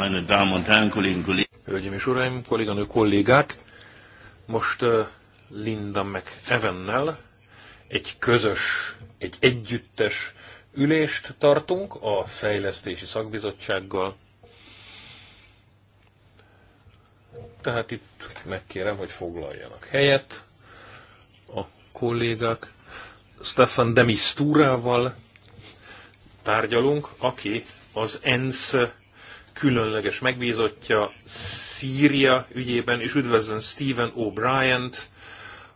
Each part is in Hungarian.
meine Damen und Herren, Kollegen. Hölgyeim és Uraim, kolléganő kollégák, most uh, Linda meg Evennel egy közös, egy együttes ülést tartunk a Fejlesztési Szakbizottsággal. Tehát itt megkérem, hogy foglaljanak helyet a kollégák. Stefan Demisztúrával tárgyalunk, aki az ENSZ különleges megbízottja Szíria ügyében, és üdvözlöm Stephen O'Brien-t,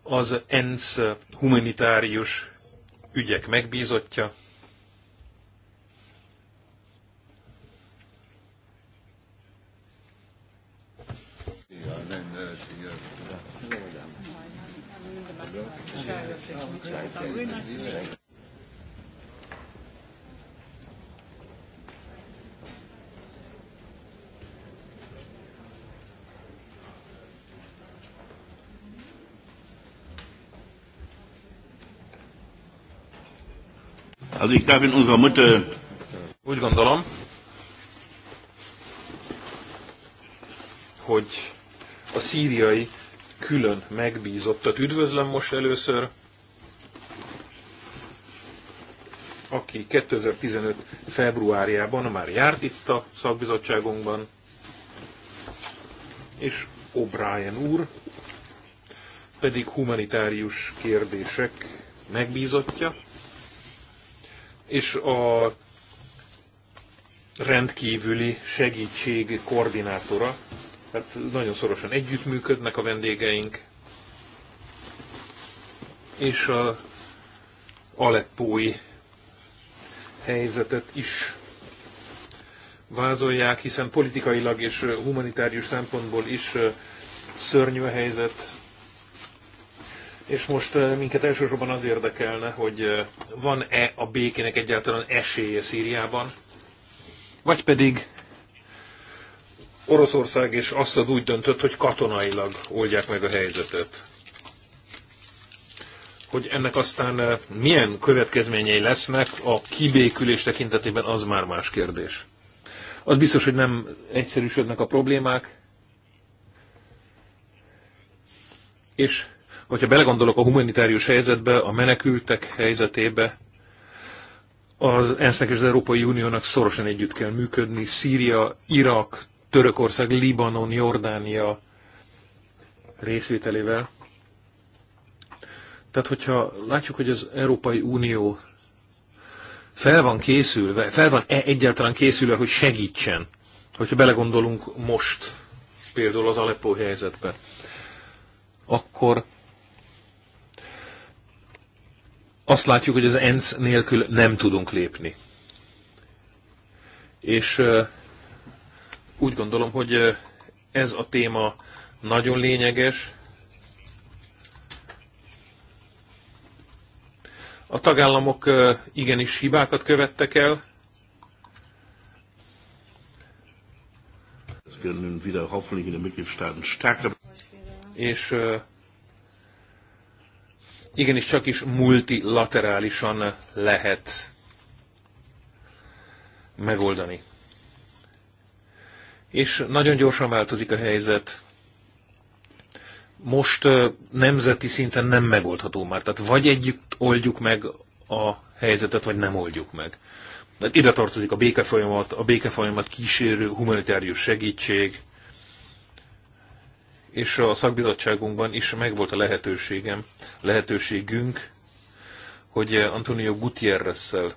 az ENSZ humanitárius ügyek megbízottja. Also ich darf in unserer Mitte... Úgy gondolom, hogy a szíriai külön megbízottat üdvözlöm most először, aki 2015. februárjában már járt itt a szakbizottságunkban, és O'Brien úr, pedig humanitárius kérdések megbízottja, és a rendkívüli segítség koordinátora. Tehát nagyon szorosan együttműködnek a vendégeink, és a aleppói helyzetet is vázolják, hiszen politikailag és humanitárius szempontból is szörnyű a helyzet, és most eh, minket elsősorban az érdekelne, hogy eh, van-e a békének egyáltalán esélye Szíriában, vagy pedig Oroszország és Assad úgy döntött, hogy katonailag oldják meg a helyzetet. Hogy ennek aztán eh, milyen következményei lesznek a kibékülés tekintetében, az már más kérdés. Az biztos, hogy nem egyszerűsödnek a problémák, és hogyha belegondolok a humanitárius helyzetbe, a menekültek helyzetébe, az ensz és az Európai Uniónak szorosan együtt kell működni. Szíria, Irak, Törökország, Libanon, Jordánia részvételével. Tehát, hogyha látjuk, hogy az Európai Unió fel van készülve, fel van -e egyáltalán készülve, hogy segítsen, hogyha belegondolunk most például az Aleppo helyzetbe, akkor azt látjuk, hogy az ENSZ nélkül nem tudunk lépni. És úgy gondolom, hogy ez a téma nagyon lényeges. A tagállamok igenis hibákat követtek el. És igenis csak is multilaterálisan lehet megoldani. És nagyon gyorsan változik a helyzet. Most nemzeti szinten nem megoldható már. Tehát vagy együtt oldjuk meg a helyzetet, vagy nem oldjuk meg. ide tartozik a békefolyamat, a békefolyamat kísérő humanitárius segítség, és a szakbizottságunkban is megvolt a lehetőségem, lehetőségünk, hogy Antonio Gutierrez-szel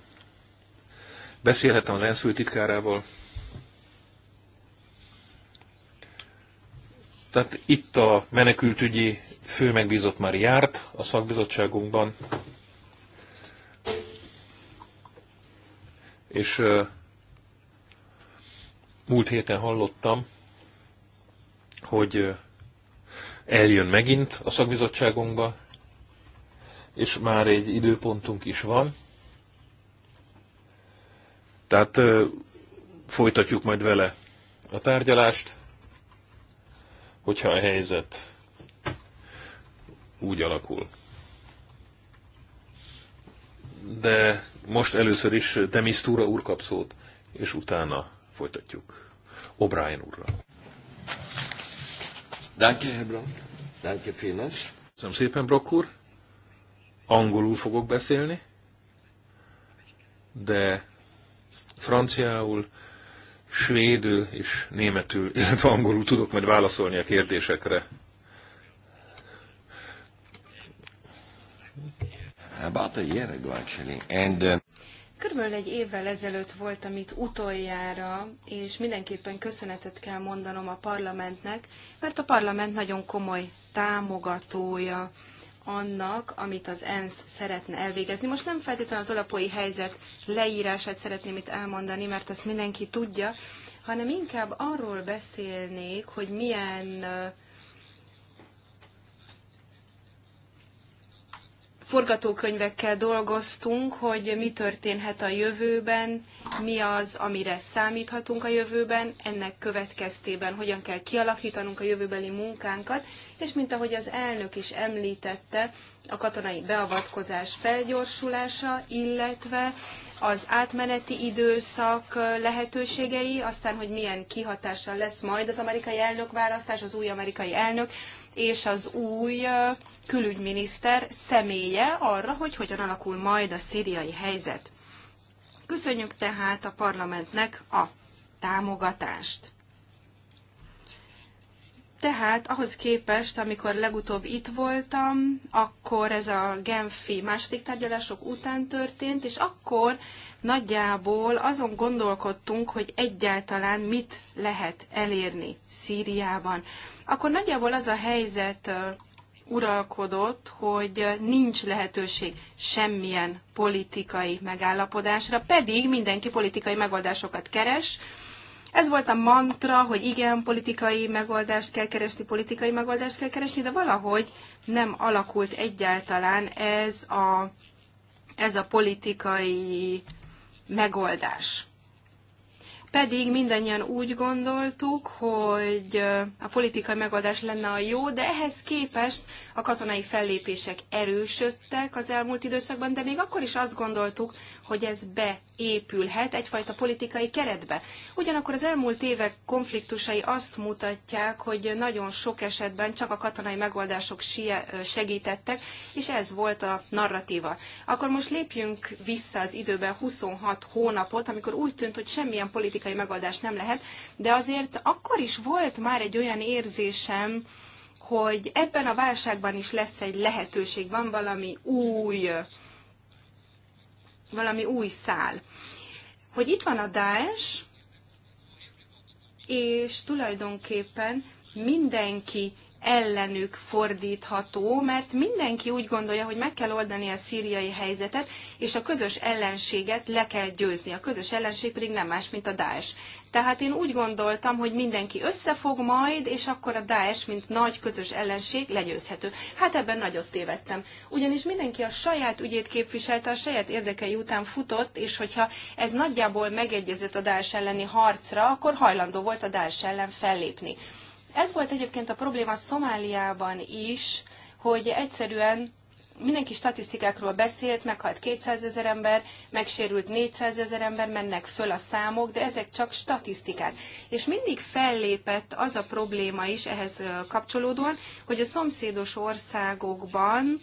beszélhettem az ENSZ titkárával. Tehát itt a menekültügyi fő megbízott már járt a szakbizottságunkban, és múlt héten hallottam, hogy eljön megint a szakbizottságunkba, és már egy időpontunk is van. Tehát folytatjuk majd vele a tárgyalást, hogyha a helyzet úgy alakul. De most először is Demisztúra úr kap szót, és utána folytatjuk O'Brien úrra. Danke, Herr Brock. Danke, Finas. Köszönöm szépen, Brock úr. Angolul fogok beszélni, de franciául, svédül és németül, illetve angolul tudok majd válaszolni a kérdésekre. About a year ago, actually. And, uh... Körülbelül egy évvel ezelőtt volt amit utoljára, és mindenképpen köszönetet kell mondanom a parlamentnek, mert a parlament nagyon komoly támogatója annak, amit az ENSZ szeretne elvégezni. Most nem feltétlenül az alapói helyzet leírását szeretném itt elmondani, mert azt mindenki tudja, hanem inkább arról beszélnék, hogy milyen uh, forgatókönyvekkel dolgoztunk, hogy mi történhet a jövőben, mi az, amire számíthatunk a jövőben, ennek következtében hogyan kell kialakítanunk a jövőbeli munkánkat, és mint ahogy az elnök is említette, a katonai beavatkozás felgyorsulása, illetve az átmeneti időszak lehetőségei, aztán, hogy milyen kihatással lesz majd az amerikai elnökválasztás, az új amerikai elnök, és az új külügyminiszter személye arra, hogy hogyan alakul majd a szíriai helyzet. Köszönjük tehát a parlamentnek a támogatást. Tehát ahhoz képest, amikor legutóbb itt voltam, akkor ez a Genfi második tárgyalások után történt, és akkor nagyjából azon gondolkodtunk, hogy egyáltalán mit lehet elérni Szíriában akkor nagyjából az a helyzet uralkodott, hogy nincs lehetőség semmilyen politikai megállapodásra, pedig mindenki politikai megoldásokat keres. Ez volt a mantra, hogy igen, politikai megoldást kell keresni, politikai megoldást kell keresni, de valahogy nem alakult egyáltalán ez a, ez a politikai megoldás pedig mindannyian úgy gondoltuk, hogy a politikai megoldás lenne a jó, de ehhez képest a katonai fellépések erősödtek az elmúlt időszakban, de még akkor is azt gondoltuk, hogy ez beépülhet egyfajta politikai keretbe. Ugyanakkor az elmúlt évek konfliktusai azt mutatják, hogy nagyon sok esetben csak a katonai megoldások segítettek, és ez volt a narratíva. Akkor most lépjünk vissza az időben 26 hónapot, amikor úgy tűnt, hogy semmilyen politikai megoldás nem lehet, de azért akkor is volt már egy olyan érzésem, hogy ebben a válságban is lesz egy lehetőség, van valami új, valami új szál. Hogy itt van a Daesh, és tulajdonképpen mindenki ellenük fordítható, mert mindenki úgy gondolja, hogy meg kell oldani a szíriai helyzetet, és a közös ellenséget le kell győzni. A közös ellenség pedig nem más, mint a Daesh. Tehát én úgy gondoltam, hogy mindenki összefog majd, és akkor a Daesh, mint nagy közös ellenség legyőzhető. Hát ebben nagyot tévedtem. Ugyanis mindenki a saját ügyét képviselte, a saját érdekei után futott, és hogyha ez nagyjából megegyezett a Daesh elleni harcra, akkor hajlandó volt a Daesh ellen fellépni. Ez volt egyébként a probléma Szomáliában is, hogy egyszerűen mindenki statisztikákról beszélt, meghalt 200 ezer ember, megsérült 400 ezer ember, mennek föl a számok, de ezek csak statisztikák. És mindig fellépett az a probléma is ehhez kapcsolódóan, hogy a szomszédos országokban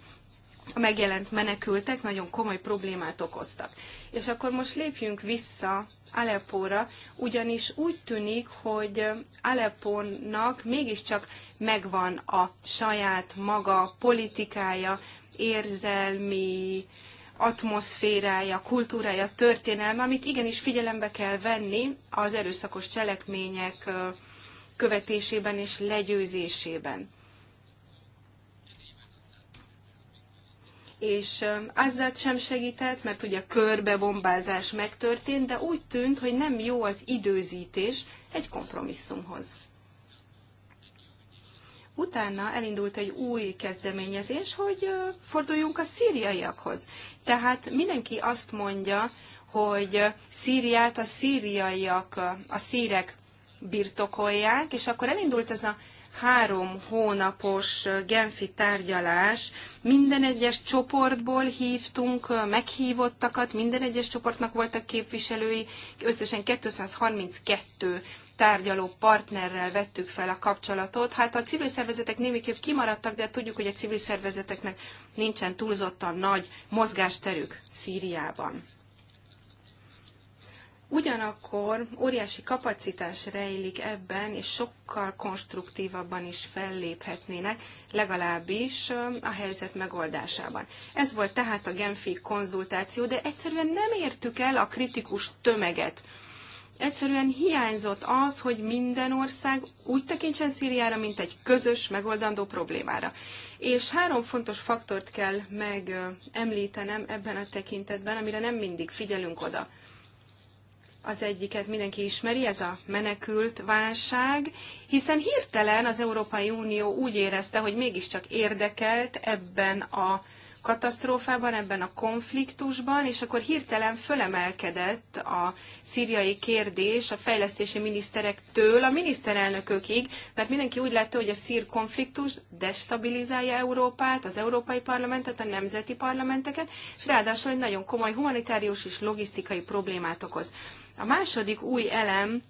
a megjelent menekültek nagyon komoly problémát okoztak. És akkor most lépjünk vissza Aleppóra, ugyanis úgy tűnik, hogy Aleppónak mégiscsak megvan a saját maga politikája, érzelmi atmoszférája, kultúrája, történelme, amit igenis figyelembe kell venni az erőszakos cselekmények követésében és legyőzésében. és Azzad sem segített, mert ugye a körbebombázás megtörtént, de úgy tűnt, hogy nem jó az időzítés egy kompromisszumhoz. Utána elindult egy új kezdeményezés, hogy forduljunk a szíriaiakhoz. Tehát mindenki azt mondja, hogy Szíriát a szíriaiak, a szírek birtokolják, és akkor elindult ez a három hónapos genfi tárgyalás. Minden egyes csoportból hívtunk meghívottakat, minden egyes csoportnak voltak képviselői, összesen 232 tárgyaló partnerrel vettük fel a kapcsolatot. Hát a civil szervezetek némiképp kimaradtak, de tudjuk, hogy a civil szervezeteknek nincsen túlzottan nagy mozgásterük Szíriában. Ugyanakkor óriási kapacitás rejlik ebben, és sokkal konstruktívabban is felléphetnének, legalábbis a helyzet megoldásában. Ez volt tehát a Genfi konzultáció, de egyszerűen nem értük el a kritikus tömeget. Egyszerűen hiányzott az, hogy minden ország úgy tekintsen Szíriára, mint egy közös, megoldandó problémára. És három fontos faktort kell megemlítenem ebben a tekintetben, amire nem mindig figyelünk oda. Az egyiket mindenki ismeri, ez a menekült válság, hiszen hirtelen az Európai Unió úgy érezte, hogy mégiscsak érdekelt ebben a katasztrófában, ebben a konfliktusban, és akkor hirtelen fölemelkedett a szíriai kérdés a fejlesztési miniszterektől a miniszterelnökökig, mert mindenki úgy látta, hogy a szír konfliktus destabilizálja Európát, az Európai Parlamentet, a nemzeti parlamenteket, és ráadásul egy nagyon komoly humanitárius és logisztikai problémát okoz. A második új elem,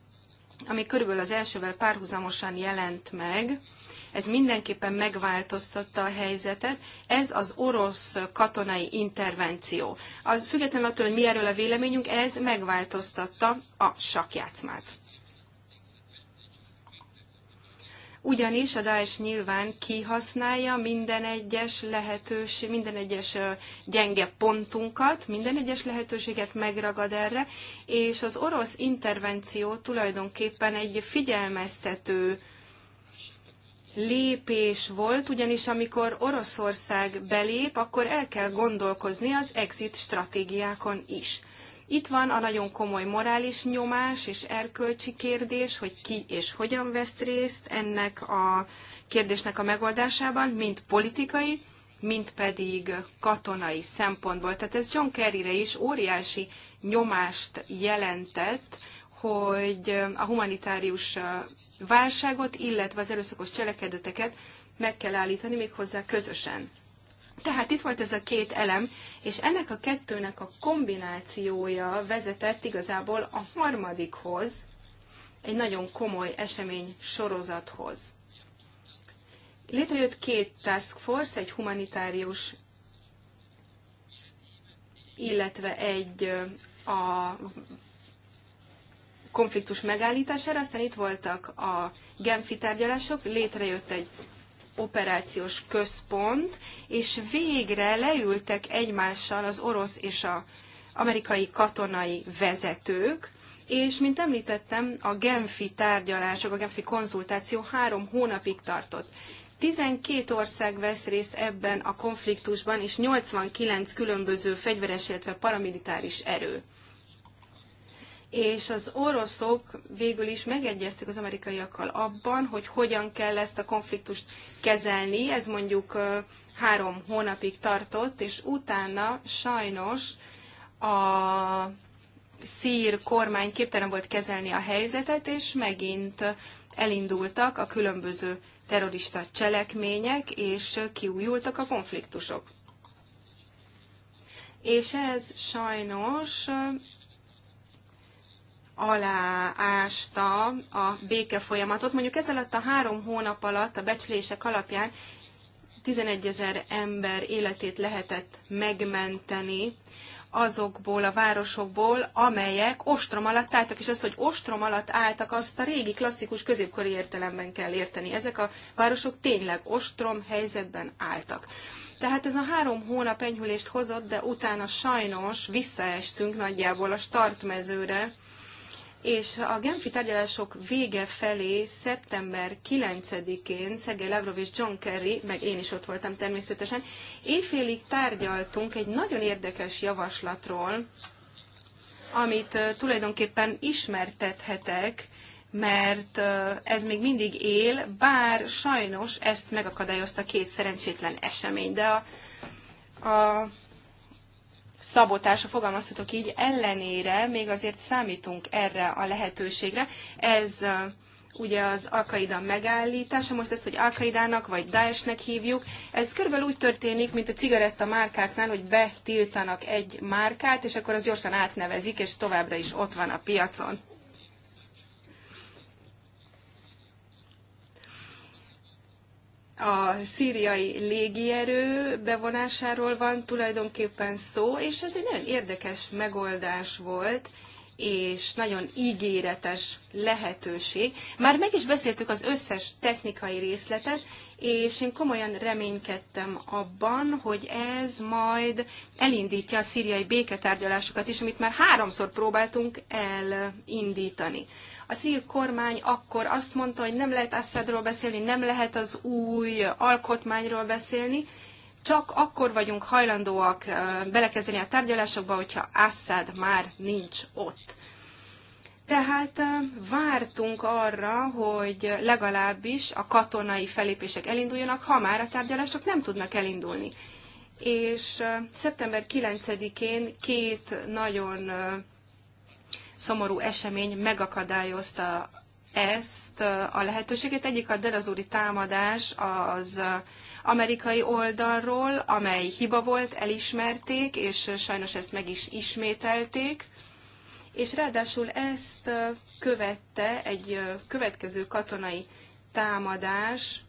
ami körülbelül az elsővel párhuzamosan jelent meg, ez mindenképpen megváltoztatta a helyzetet, ez az orosz katonai intervenció. Az függetlenül attól, hogy mi erről a véleményünk, ez megváltoztatta a sakjátszmát. ugyanis a Daesh nyilván kihasználja minden egyes lehetőség, minden egyes gyenge pontunkat, minden egyes lehetőséget megragad erre, és az orosz intervenció tulajdonképpen egy figyelmeztető lépés volt, ugyanis amikor Oroszország belép, akkor el kell gondolkozni az exit stratégiákon is. Itt van a nagyon komoly morális nyomás és erkölcsi kérdés, hogy ki és hogyan vesz részt ennek a kérdésnek a megoldásában, mind politikai, mint pedig katonai szempontból. Tehát ez John Kerryre is óriási nyomást jelentett, hogy a humanitárius válságot, illetve az erőszakos cselekedeteket meg kell állítani méghozzá közösen. Tehát itt volt ez a két elem, és ennek a kettőnek a kombinációja vezetett igazából a harmadikhoz, egy nagyon komoly esemény sorozathoz. Létrejött két task force, egy humanitárius, illetve egy a konfliktus megállítására, aztán itt voltak a Genfi tárgyalások, létrejött egy operációs központ, és végre leültek egymással az orosz és az amerikai katonai vezetők, és, mint említettem, a Genfi tárgyalások, a Genfi konzultáció három hónapig tartott. 12 ország vesz részt ebben a konfliktusban, és 89 különböző fegyveres, illetve paramilitáris erő és az oroszok végül is megegyeztek az amerikaiakkal abban, hogy hogyan kell ezt a konfliktust kezelni. Ez mondjuk három hónapig tartott, és utána sajnos a szír kormány képtelen volt kezelni a helyzetet, és megint elindultak a különböző terrorista cselekmények, és kiújultak a konfliktusok. És ez sajnos aláásta a béke folyamatot. Mondjuk ez alatt a három hónap alatt a becslések alapján 11 ezer ember életét lehetett megmenteni azokból a városokból, amelyek ostrom alatt álltak, és az, hogy ostrom alatt álltak, azt a régi klasszikus középkori értelemben kell érteni. Ezek a városok tényleg ostrom helyzetben álltak. Tehát ez a három hónap enyhülést hozott, de utána sajnos visszaestünk nagyjából a startmezőre, és a Genfi tárgyalások vége felé, szeptember 9-én Szegély Lavrov és John Kerry, meg én is ott voltam természetesen, éjfélig tárgyaltunk egy nagyon érdekes javaslatról, amit tulajdonképpen ismertethetek, mert ez még mindig él, bár sajnos ezt megakadályozta két szerencsétlen esemény, de a, a szabotása, fogalmazhatok így, ellenére még azért számítunk erre a lehetőségre. Ez ugye az Al-Qaida megállítása, most ez hogy Al-Qaidának vagy Daesh-nek hívjuk, ez körülbelül úgy történik, mint a cigaretta márkáknál, hogy betiltanak egy márkát, és akkor az gyorsan átnevezik, és továbbra is ott van a piacon. a szíriai légierő bevonásáról van tulajdonképpen szó, és ez egy nagyon érdekes megoldás volt, és nagyon ígéretes lehetőség. Már meg is beszéltük az összes technikai részletet, és én komolyan reménykedtem abban, hogy ez majd elindítja a szíriai béketárgyalásokat is, amit már háromszor próbáltunk elindítani. A szír kormány akkor azt mondta, hogy nem lehet Assadról beszélni, nem lehet az új alkotmányról beszélni, csak akkor vagyunk hajlandóak belekezdeni a tárgyalásokba, hogyha Assad már nincs ott. Tehát vártunk arra, hogy legalábbis a katonai felépések elinduljanak, ha már a tárgyalások nem tudnak elindulni. És szeptember 9-én két nagyon szomorú esemény megakadályozta ezt a lehetőséget. Egyik a derazúri támadás az amerikai oldalról, amely hiba volt, elismerték, és sajnos ezt meg is ismételték. És ráadásul ezt követte egy következő katonai támadás,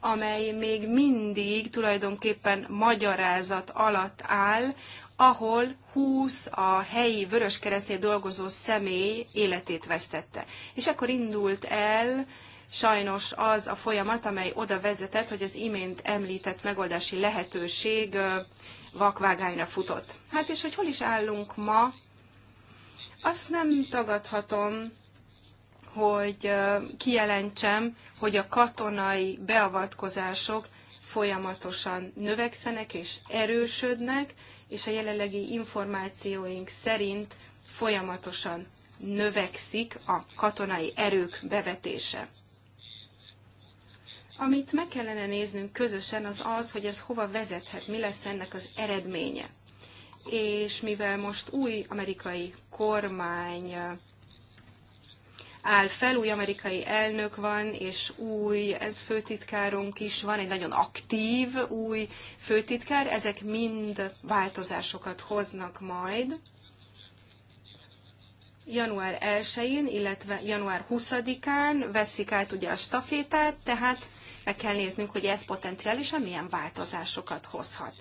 amely még mindig tulajdonképpen magyarázat alatt áll, ahol 20 a helyi vöröskeresztnél dolgozó személy életét vesztette. És akkor indult el sajnos az a folyamat, amely oda vezetett, hogy az imént említett megoldási lehetőség vakvágányra futott. Hát és hogy hol is állunk ma, azt nem tagadhatom, hogy kijelentsem, hogy a katonai beavatkozások folyamatosan növekszenek és erősödnek, és a jelenlegi információink szerint folyamatosan növekszik a katonai erők bevetése. Amit meg kellene néznünk közösen, az az, hogy ez hova vezethet, mi lesz ennek az eredménye. És mivel most új amerikai kormány áll fel, új amerikai elnök van, és új, ez főtitkárunk is van, egy nagyon aktív új főtitkár, ezek mind változásokat hoznak majd január 1-én, illetve január 20-án veszik át ugye a stafétát, tehát meg kell néznünk, hogy ez potenciálisan milyen változásokat hozhat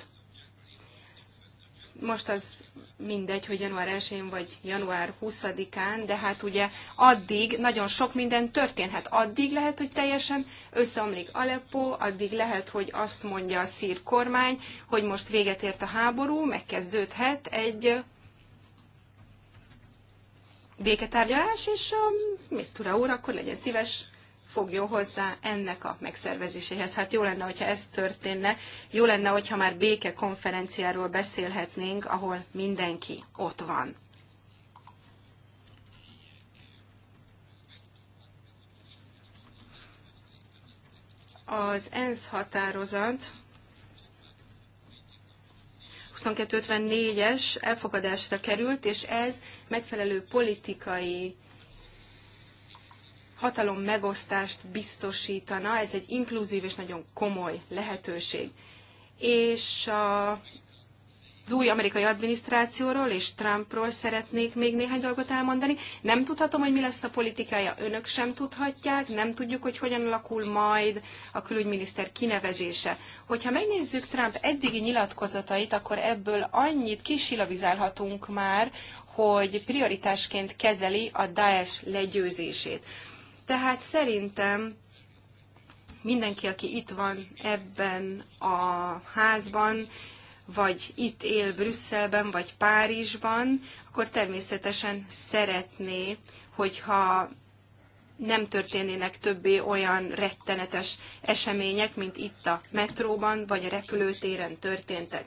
most az mindegy, hogy január 1-én vagy január 20-án, de hát ugye addig nagyon sok minden történhet. Addig lehet, hogy teljesen összeomlik Aleppo, addig lehet, hogy azt mondja a szír kormány, hogy most véget ért a háború, megkezdődhet egy béketárgyalás, és um, Mr. úr, akkor legyen szíves, fogjon hozzá ennek a megszervezéséhez. Hát jó lenne, hogyha ez történne, jó lenne, hogyha már béke konferenciáról beszélhetnénk, ahol mindenki ott van. Az ENSZ határozat 2254-es elfogadásra került, és ez megfelelő politikai hatalom megosztást biztosítana, ez egy inkluzív és nagyon komoly lehetőség. És a, az új amerikai adminisztrációról és Trumpról szeretnék még néhány dolgot elmondani. Nem tudhatom, hogy mi lesz a politikája, önök sem tudhatják, nem tudjuk, hogy hogyan alakul majd a külügyminiszter kinevezése. Hogyha megnézzük Trump eddigi nyilatkozatait, akkor ebből annyit kisilabizálhatunk már, hogy prioritásként kezeli a Daesh legyőzését. Tehát szerintem mindenki, aki itt van ebben a házban, vagy itt él Brüsszelben, vagy Párizsban, akkor természetesen szeretné, hogyha nem történnének többé olyan rettenetes események, mint itt a metróban, vagy a repülőtéren történtek.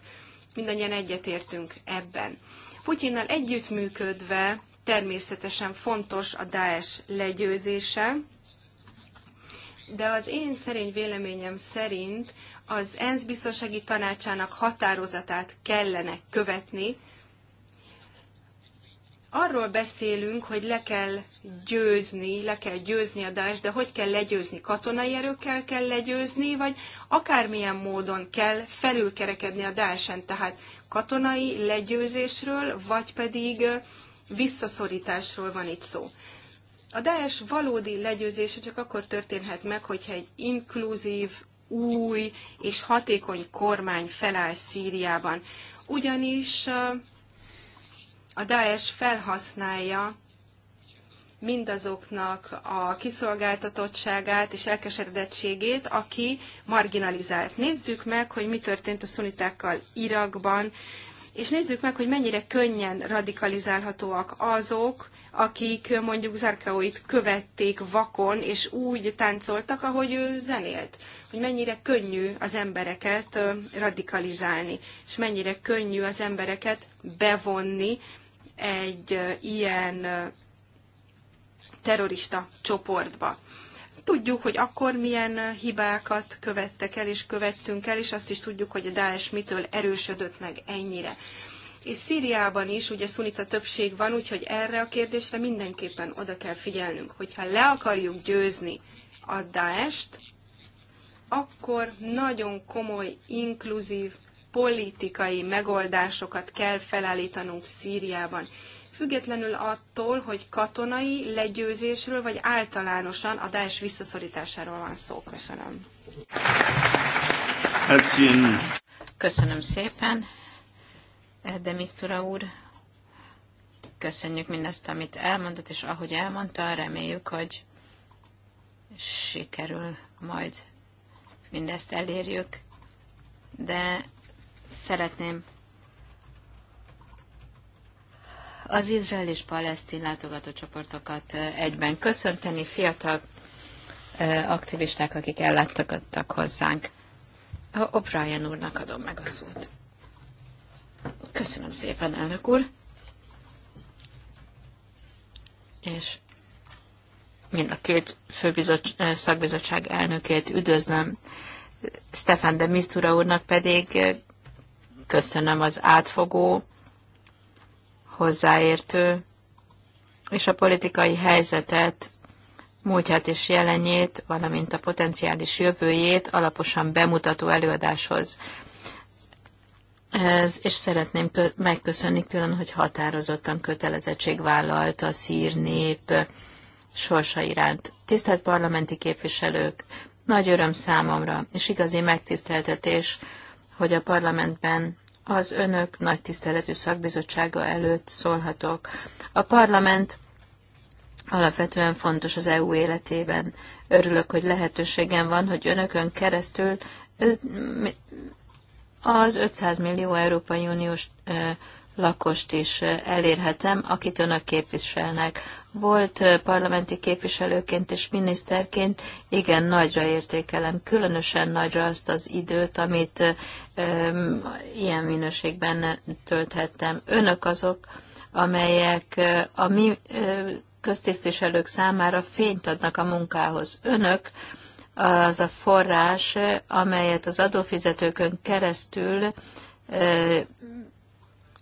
Mindannyian egyetértünk ebben. Putyinnal együttműködve Természetesen fontos a Daesh legyőzése, de az én szerény véleményem szerint az ENSZ biztonsági tanácsának határozatát kellene követni. Arról beszélünk, hogy le kell győzni, le kell győzni a Daesh, de hogy kell legyőzni? Katonai erőkkel kell legyőzni, vagy akármilyen módon kell felülkerekedni a Daesh-en, tehát katonai legyőzésről, vagy pedig visszaszorításról van itt szó. A Daesh valódi legyőzése csak akkor történhet meg, hogyha egy inkluzív, új és hatékony kormány feláll Szíriában. Ugyanis a Daesh felhasználja mindazoknak a kiszolgáltatottságát és elkeseredettségét, aki marginalizált. Nézzük meg, hogy mi történt a szunitákkal Irakban, és nézzük meg, hogy mennyire könnyen radikalizálhatóak azok, akik mondjuk Zarkaóit követték vakon, és úgy táncoltak, ahogy ő zenélt. Hogy mennyire könnyű az embereket radikalizálni, és mennyire könnyű az embereket bevonni egy ilyen terrorista csoportba. Tudjuk, hogy akkor milyen hibákat követtek el és követtünk el, és azt is tudjuk, hogy a Daesh mitől erősödött meg ennyire. És Szíriában is ugye szunita többség van, úgyhogy erre a kérdésre mindenképpen oda kell figyelnünk, hogyha le akarjuk győzni a Daest, akkor nagyon komoly, inkluzív politikai megoldásokat kell felállítanunk Szíriában függetlenül attól, hogy katonai legyőzésről, vagy általánosan a Daesh visszaszorításáról van szó. Köszönöm. Köszönöm szépen, Demisztura úr. Köszönjük mindezt, amit elmondott, és ahogy elmondta, reméljük, hogy sikerül majd mindezt elérjük, de szeretném az izrael és palesztin látogatócsoportokat egyben köszönteni, fiatal aktivisták, akik ellátogattak hozzánk. A O'Brien úrnak adom meg a szót. Köszönöm szépen, elnök úr. És mind a két főbizot, szakbizottság elnökét üdvözlöm. Stefan de Mistura úrnak pedig köszönöm az átfogó hozzáértő, és a politikai helyzetet, múltját és jelenjét, valamint a potenciális jövőjét alaposan bemutató előadáshoz. Ez, és szeretném megköszönni külön, hogy határozottan kötelezettség vállalt a szír nép sorsa iránt. Tisztelt parlamenti képviselők, nagy öröm számomra, és igazi megtiszteltetés, hogy a parlamentben az önök nagy tiszteletű szakbizottsága előtt szólhatok. A parlament alapvetően fontos az EU életében. Örülök, hogy lehetőségem van, hogy önökön keresztül az 500 millió Európai Uniós lakost is elérhetem, akit önök képviselnek. Volt parlamenti képviselőként és miniszterként, igen, nagyra értékelem, különösen nagyra azt az időt, amit um, ilyen minőségben tölthettem. Önök azok, amelyek a mi köztisztviselők számára fényt adnak a munkához. Önök az a forrás, amelyet az adófizetőkön keresztül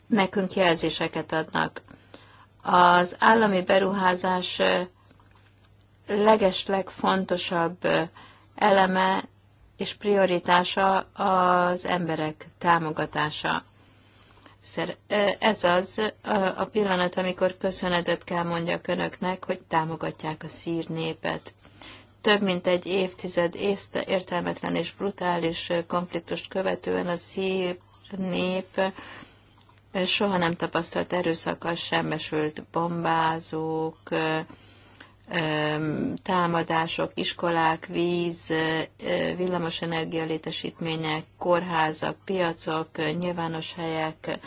nekünk jelzéseket adnak. Az állami beruházás legesleg fontosabb eleme és prioritása az emberek támogatása. Ez az a pillanat, amikor köszönetet kell mondjak önöknek, hogy támogatják a szír népet. Több mint egy évtized értelmetlen és brutális konfliktust követően a szír nép soha nem tapasztalt erőszakkal semmesült bombázók, támadások, iskolák, víz, villamosenergia energialétesítmények, kórházak, piacok, nyilvános helyek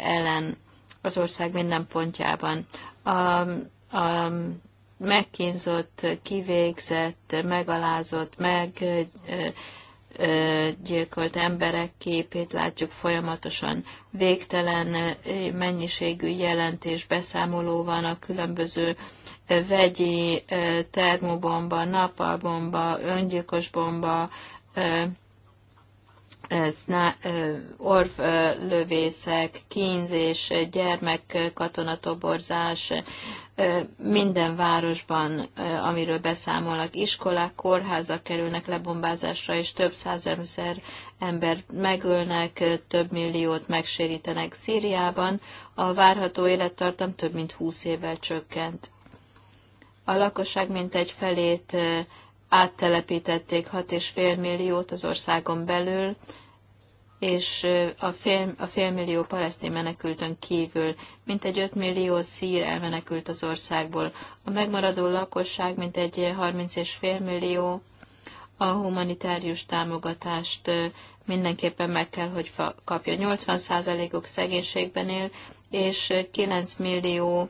ellen az ország minden pontjában. A, a megkínzott, kivégzett, megalázott, meg gyilkolt emberek képét látjuk folyamatosan. Végtelen mennyiségű jelentés, beszámoló van a különböző vegyi termobomba, napalbomba, öngyilkos bomba, orvlövészek, kínzés, gyermekkatotoborzás, minden városban, amiről beszámolnak, iskolák, kórházak kerülnek lebombázásra, és több százezer ember megölnek, több milliót megsérítenek Szíriában. A várható élettartam több mint 20 évvel csökkent. A lakosság mintegy felét áttelepítették 6,5 milliót az országon belül, és a fél, a fél millió palesztin menekültön kívül mintegy 5 millió szír elmenekült az országból. A megmaradó lakosság mintegy 30,5 millió a humanitárius támogatást mindenképpen meg kell, hogy kapja. 80%-uk szegénységben él, és 9 millió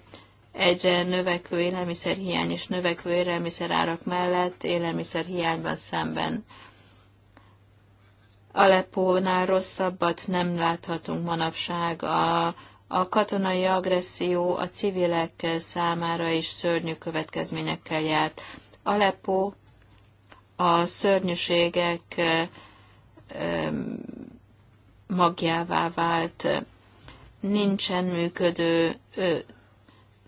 egyre növekvő élelmiszerhiány és növekvő élelmiszerárak mellett élelmiszerhiányban szemben. Aleppónál rosszabbat nem láthatunk manapság. A, a katonai agresszió a civilek számára is szörnyű következményekkel járt. Aleppo a szörnyűségek magjává vált. Nincsen működő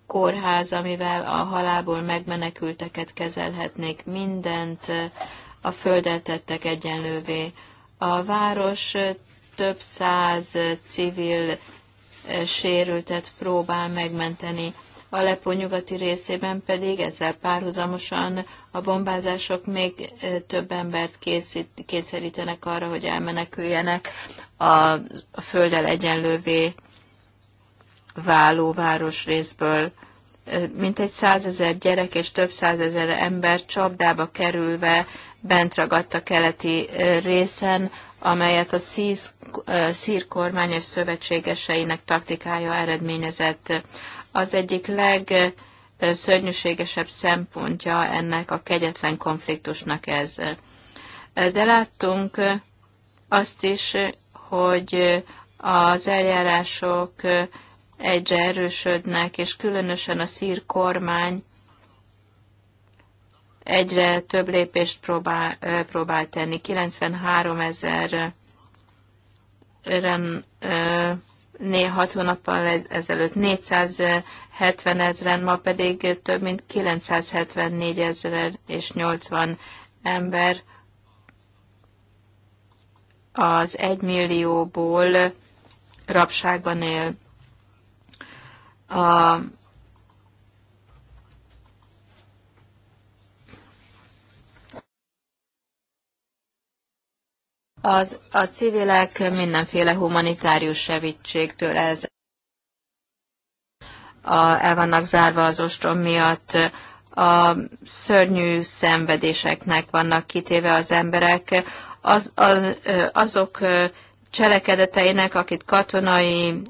kórház, amivel a halából megmenekülteket kezelhetnék. Mindent a földet tettek egyenlővé. A város több száz civil eh, sérültet próbál megmenteni. Aleppo nyugati részében pedig ezzel párhuzamosan a bombázások még eh, több embert készít, kényszerítenek arra, hogy elmeneküljenek a földdel egyenlővé váló városrészből. Eh, mintegy százezer gyerek és több százezer ember csapdába kerülve bent ragadt a keleti részen, amelyet a szíz, szír kormányos szövetségeseinek taktikája eredményezett. Az egyik legszörnyűségesebb szempontja ennek a kegyetlen konfliktusnak ez. De láttunk azt is, hogy az eljárások egyre erősödnek, és különösen a szír kormány egyre több lépést próbál, próbál tenni. 93 ezer né, hat hónappal e-, ezelőtt 470 ezeren, ma pedig több mint 974 ezer és 80 ember az egymillióból rabságban él. A Az, a civilek mindenféle humanitárius segítségtől ez a, el vannak zárva az ostrom miatt, a szörnyű szenvedéseknek vannak kitéve az emberek, az, a, azok cselekedeteinek, akit katonai,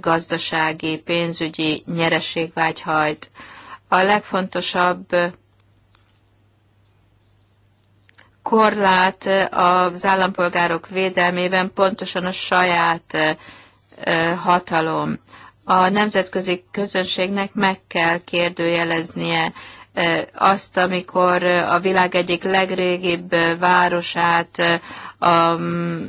gazdasági, pénzügyi nyereség hajt, A legfontosabb korlát az állampolgárok védelmében pontosan a saját hatalom. A nemzetközi közönségnek meg kell kérdőjeleznie azt, amikor a világ egyik legrégibb városát a, mm,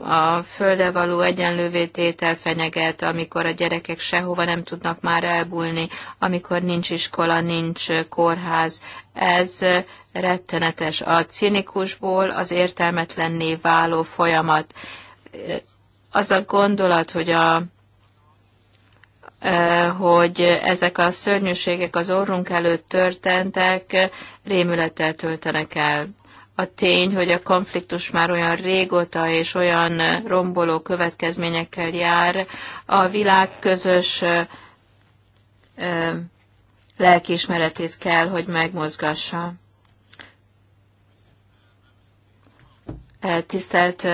a földre való egyenlővététel fenyeget, amikor a gyerekek sehova nem tudnak már elbúlni, amikor nincs iskola, nincs kórház. Ez rettenetes. A cinikusból az értelmetlenné váló folyamat. Az a gondolat, hogy a eh, hogy ezek a szörnyűségek az orrunk előtt történtek, rémülettel töltenek el. A tény, hogy a konfliktus már olyan régóta és olyan romboló következményekkel jár, a világ közös eh, lelkiismeretét kell, hogy megmozgassa. tisztelt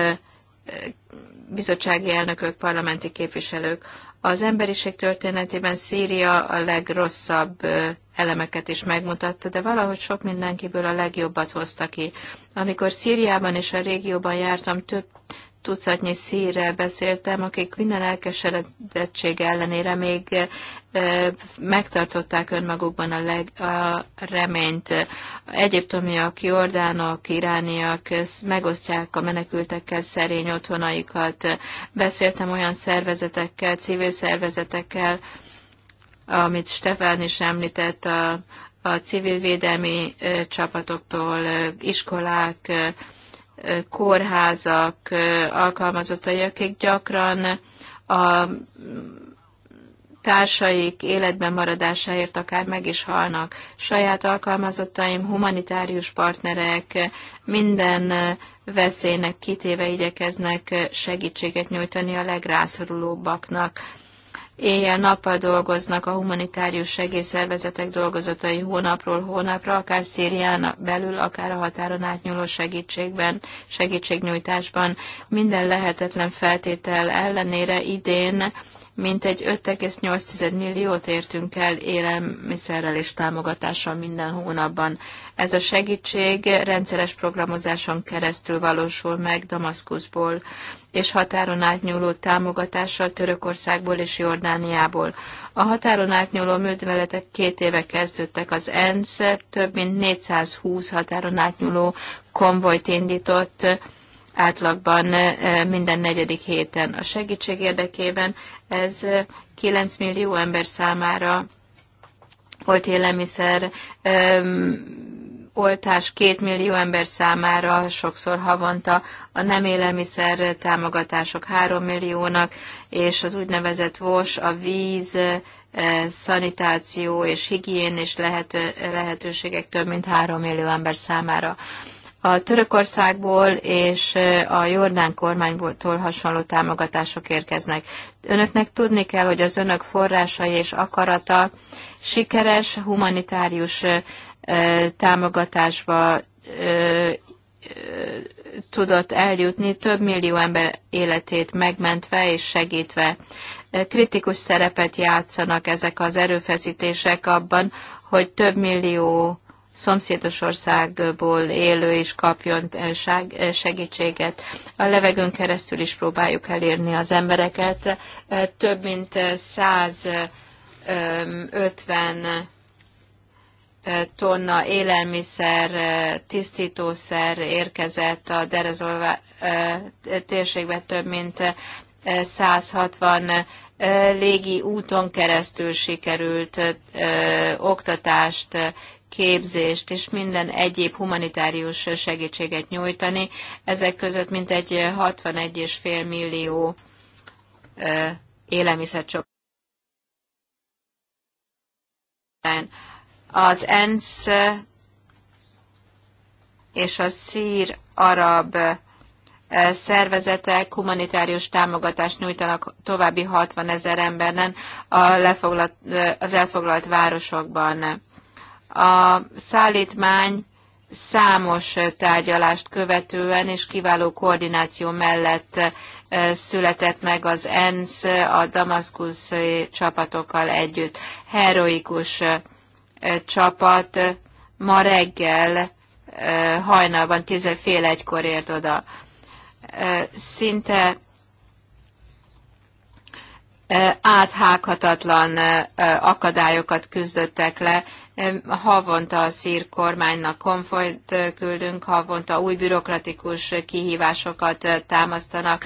bizottsági elnökök, parlamenti képviselők. Az emberiség történetében Szíria a legrosszabb elemeket is megmutatta, de valahogy sok mindenkiből a legjobbat hozta ki. Amikor Szíriában és a régióban jártam, több tucatnyi szírrel beszéltem, akik minden elkeseredettség ellenére még eh, megtartották önmagukban a, leg, a reményt. Egyiptomiak, jordánok, irániak megosztják a menekültekkel szerény otthonaikat. Beszéltem olyan szervezetekkel, civil szervezetekkel, amit Stefán is említett, a, a civil védelmi eh, csapatoktól, eh, iskolák, kórházak alkalmazottai, akik gyakran a társaik életben maradásáért akár meg is halnak. Saját alkalmazottaim, humanitárius partnerek minden veszélynek kitéve igyekeznek segítséget nyújtani a legrászorulóbbaknak éjjel-nappal dolgoznak a humanitárius segélyszervezetek dolgozatai hónapról hónapra, akár Szírián belül, akár a határon átnyúló segítségben, segítségnyújtásban. Minden lehetetlen feltétel ellenére idén mintegy 5,8 milliót értünk el élelmiszerrel és támogatással minden hónapban. Ez a segítség rendszeres programozáson keresztül valósul meg Damaszkuszból, és határon átnyúló támogatással Törökországból és Jordániából. A határon átnyúló műveletek két éve kezdődtek. Az ENSZ több mint 420 határon átnyúló konvojt indított átlagban minden negyedik héten. A segítség érdekében ez 9 millió ember számára volt élelmiszer, oltás 2 millió ember számára, sokszor havonta, a nem élelmiszer támogatások 3 milliónak, és az úgynevezett VOS, a víz, szanitáció és higién és lehető, lehetőségek több mint 3 millió ember számára. A Törökországból és a Jordán kormányból hasonló támogatások érkeznek. Önöknek tudni kell, hogy az önök forrásai és akarata sikeres humanitárius támogatásba tudott eljutni, több millió ember életét megmentve és segítve. Kritikus szerepet játszanak ezek az erőfeszítések abban, hogy több millió szomszédos országból élő és kapjon segítséget. A levegőn keresztül is próbáljuk elérni az embereket. Több mint 150 tonna élelmiszer, tisztítószer érkezett a Derezolva térségbe, több mint 160 légi úton keresztül sikerült ö, oktatást képzést és minden egyéb humanitárius segítséget nyújtani. Ezek között mintegy 61,5 millió élelmiszercsoport. Az ENSZ és a szír arab szervezetek humanitárius támogatást nyújtanak további 60 ezer embernen a lefoglalt, az elfoglalt városokban. A szállítmány számos tárgyalást követően és kiváló koordináció mellett eh, született meg az ENSZ a Damaszkusz csapatokkal együtt. Heroikus eh, csapat ma reggel eh, hajnalban tizenfél egykor ért oda. Szinte áthághatatlan akadályokat küzdöttek le, Havonta a szír kormánynak konfolyt küldünk, havonta új bürokratikus kihívásokat támasztanak,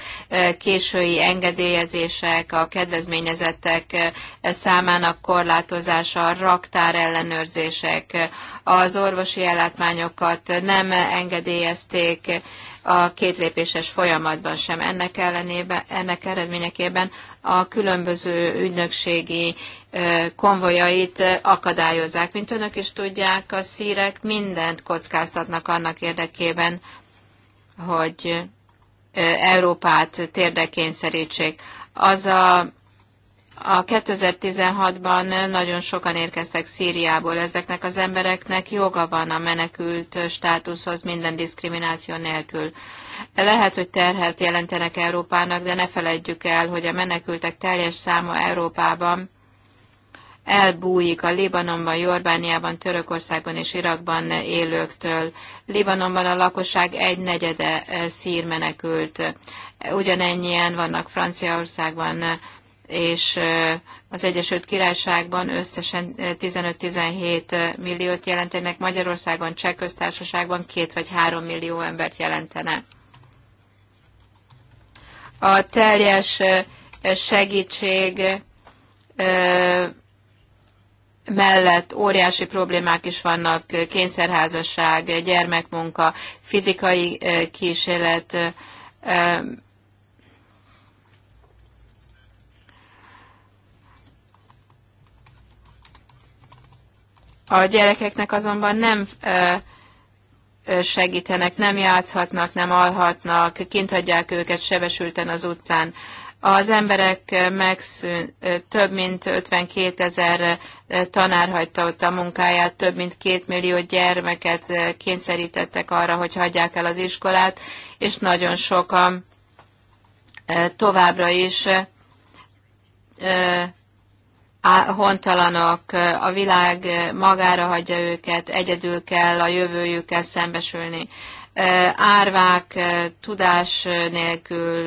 késői engedélyezések, a kedvezményezettek számának korlátozása, raktár ellenőrzések, az orvosi ellátmányokat nem engedélyezték, a kétlépéses folyamatban sem. Ennek, ellenében, ennek eredményekében a különböző ügynökségi konvojait akadályozzák. Mint önök is tudják, a szírek mindent kockáztatnak annak érdekében, hogy Európát térdekényszerítsék. Az a a 2016-ban nagyon sokan érkeztek Szíriából. Ezeknek az embereknek joga van a menekült státuszhoz minden diszkrimináció nélkül lehet, hogy terhelt jelentenek Európának, de ne feledjük el, hogy a menekültek teljes száma Európában elbújik a Libanonban, Jordániában, Törökországon és Irakban élőktől. Libanonban a lakosság egy negyede eh, szír menekült. Ugyanennyien vannak Franciaországban és eh, az Egyesült Királyságban összesen 15-17 eh, milliót jelentenek, Magyarországon, Cseh köztársaságban két vagy három millió embert jelentene a teljes segítség mellett óriási problémák is vannak, kényszerházasság, gyermekmunka, fizikai kísérlet, A gyerekeknek azonban nem segítenek, nem játszhatnak, nem alhatnak, kint hagyják őket sebesülten az utcán. Az emberek megszűn, több mint 52 ezer tanár hagyta ott a munkáját, több mint két millió gyermeket kényszerítettek arra, hogy hagyják el az iskolát, és nagyon sokan eh, továbbra is eh, hontalanok, a világ magára hagyja őket, egyedül kell a jövőjükkel szembesülni. Árvák, tudás nélkül,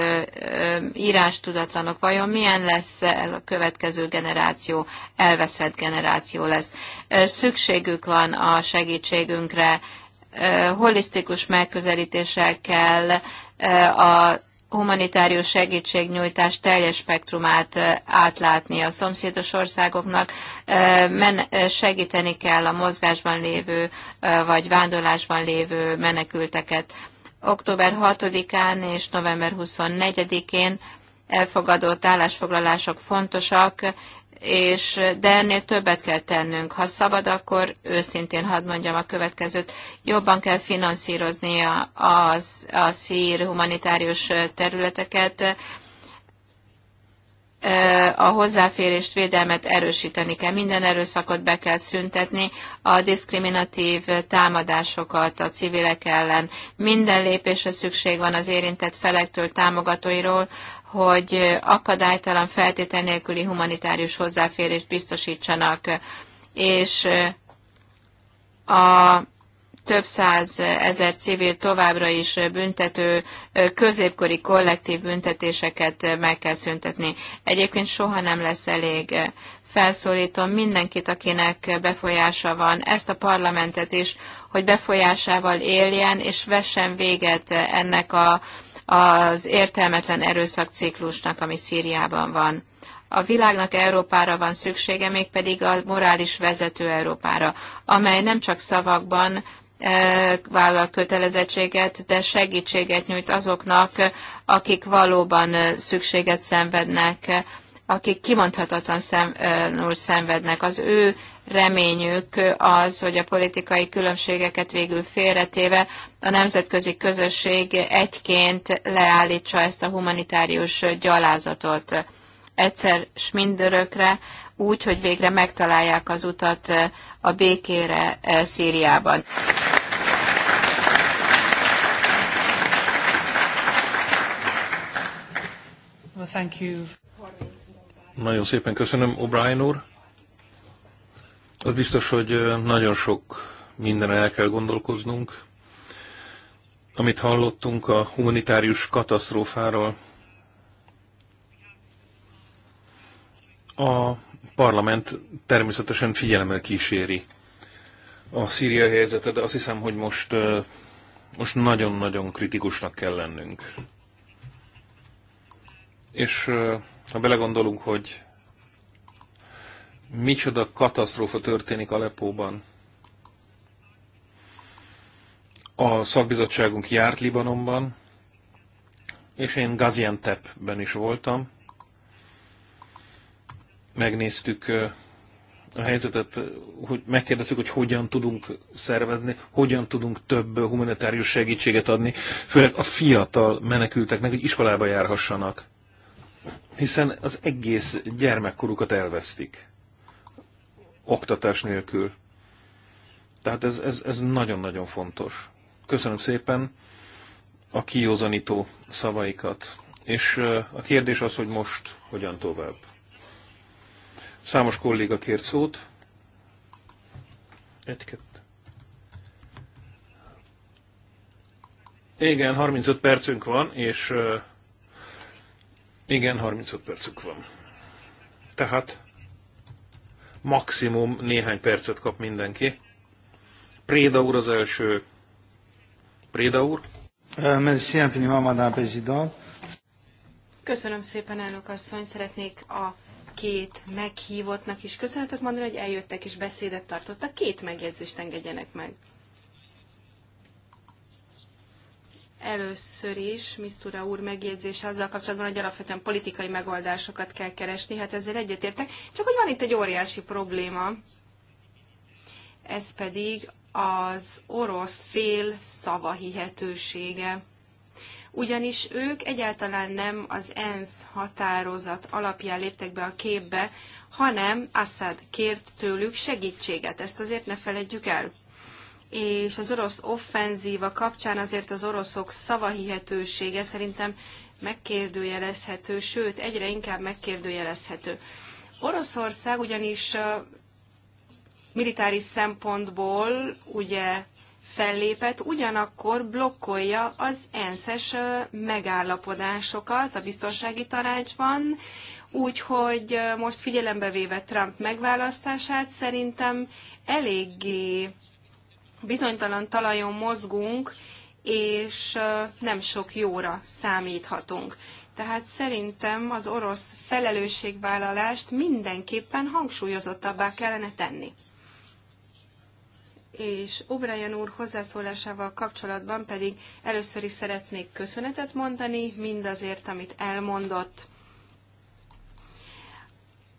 írás tudatlanok, vajon milyen lesz a következő generáció, elveszett generáció lesz. Szükségük van a segítségünkre, holisztikus megközelítésekkel, a humanitárius segítségnyújtás teljes spektrumát átlátni a szomszédos országoknak, Men segíteni kell a mozgásban lévő vagy vándorlásban lévő menekülteket. Október 6-án és november 24-én elfogadott állásfoglalások fontosak, és, de ennél többet kell tennünk. Ha szabad, akkor őszintén hadd mondjam a következőt. Jobban kell finanszírozni a, a, a szír humanitárius területeket, a hozzáférést, védelmet erősíteni kell. Minden erőszakot be kell szüntetni, a diszkriminatív támadásokat a civilek ellen. Minden lépésre szükség van az érintett felektől, támogatóiról, hogy akadálytalan feltétel nélküli humanitárius hozzáférést biztosítsanak, és a több száz ezer civil továbbra is büntető, középkori kollektív büntetéseket meg kell szüntetni. Egyébként soha nem lesz elég. Felszólítom mindenkit, akinek befolyása van, ezt a parlamentet is, hogy befolyásával éljen, és vessen véget ennek a az értelmetlen erőszakciklusnak, ami Szíriában van. A világnak Európára van szüksége, mégpedig a morális vezető Európára, amely nem csak szavakban e, vállal kötelezettséget, de segítséget nyújt azoknak, akik valóban e, szükséget szenvednek, e, akik kimondhatatlanul szenvednek. Az ő reményük az, hogy a politikai különbségeket végül félretéve a nemzetközi közösség egyként leállítsa ezt a humanitárius gyalázatot egyszer s mindörökre, úgy, hogy végre megtalálják az utat a békére eh, Szíriában. Well, thank you. Nagyon szépen köszönöm, O'Brien úr. Az biztos, hogy nagyon sok minden el kell gondolkoznunk. Amit hallottunk a humanitárius katasztrófáról, a parlament természetesen figyelemmel kíséri a szíria helyzetet, de azt hiszem, hogy most most nagyon-nagyon kritikusnak kell lennünk. És ha belegondolunk, hogy micsoda katasztrófa történik Aleppóban. A szakbizottságunk járt Libanonban, és én Gaziantepben is voltam. Megnéztük a helyzetet, hogy megkérdeztük, hogy hogyan tudunk szervezni, hogyan tudunk több humanitárius segítséget adni, főleg a fiatal menekülteknek, hogy iskolába járhassanak. Hiszen az egész gyermekkorukat elvesztik oktatás nélkül. Tehát ez, ez, ez nagyon-nagyon fontos. Köszönöm szépen a kiózanító szavaikat. És a kérdés az, hogy most hogyan tovább. Számos kolléga kért szót. Egy, kettő. Igen, 35 percünk van, és igen, 35 percünk van. Tehát maximum néhány percet kap mindenki. Préda úr az első. Préda úr. Euh, merci infiniment, madame présidente. Köszönöm szépen, elnök asszony. Szeretnék a két meghívottnak is köszönetet mondani, hogy eljöttek és beszédet tartottak. Két megjegyzést engedjenek meg. Először is Misztura úr megjegyzése azzal kapcsolatban, hogy alapvetően politikai megoldásokat kell keresni, hát ezzel egyetértek. Csak hogy van itt egy óriási probléma, ez pedig az orosz fél hihetősége. Ugyanis ők egyáltalán nem az ENSZ határozat alapján léptek be a képbe, hanem Assad kért tőlük segítséget. Ezt azért ne feledjük el és az orosz offenzíva kapcsán azért az oroszok szavahihetősége szerintem megkérdőjelezhető, sőt, egyre inkább megkérdőjelezhető. Oroszország ugyanis militáris szempontból ugye fellépett, ugyanakkor blokkolja az ENSZ-es megállapodásokat a biztonsági tanácsban, úgyhogy most figyelembe véve Trump megválasztását szerintem eléggé bizonytalan talajon mozgunk, és nem sok jóra számíthatunk. Tehát szerintem az orosz felelősségvállalást mindenképpen hangsúlyozottabbá kellene tenni. És Obrajan úr hozzászólásával kapcsolatban pedig először is szeretnék köszönetet mondani mindazért, amit elmondott.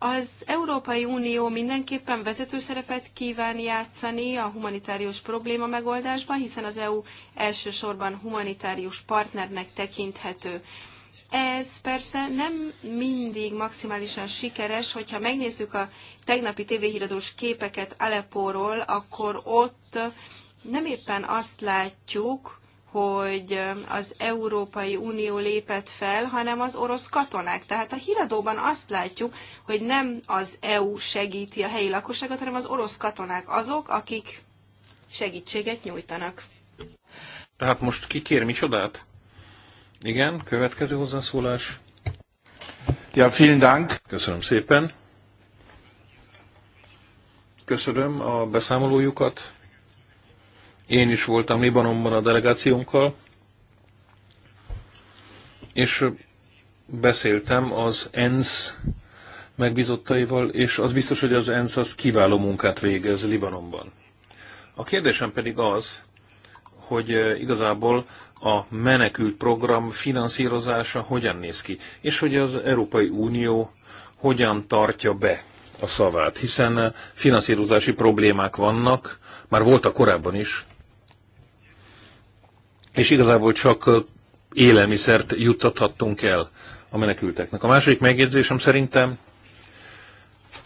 Az Európai Unió mindenképpen vezető szerepet kíván játszani a humanitárius probléma megoldásban, hiszen az EU elsősorban humanitárius partnernek tekinthető. Ez persze nem mindig maximálisan sikeres, hogyha megnézzük a tegnapi tévéhíradós képeket Aleppóról, akkor ott nem éppen azt látjuk, hogy az Európai Unió lépett fel, hanem az orosz katonák. Tehát a híradóban azt látjuk, hogy nem az EU segíti a helyi lakosságot, hanem az orosz katonák azok, akik segítséget nyújtanak. Tehát most ki kér micsodát? Igen, következő hozzászólás. Ja, vielen Dank. Köszönöm szépen. Köszönöm a beszámolójukat. Én is voltam Libanonban a delegációnkkal, és beszéltem az ENSZ megbizottaival, és az biztos, hogy az ENSZ az kiváló munkát végez Libanonban. A kérdésem pedig az, hogy eh, igazából a menekült program finanszírozása hogyan néz ki, és hogy az Európai Unió hogyan tartja be a szavát, hiszen eh, finanszírozási problémák vannak, már voltak korábban is, és igazából csak élelmiszert juttathattunk el a menekülteknek. A második megjegyzésem szerintem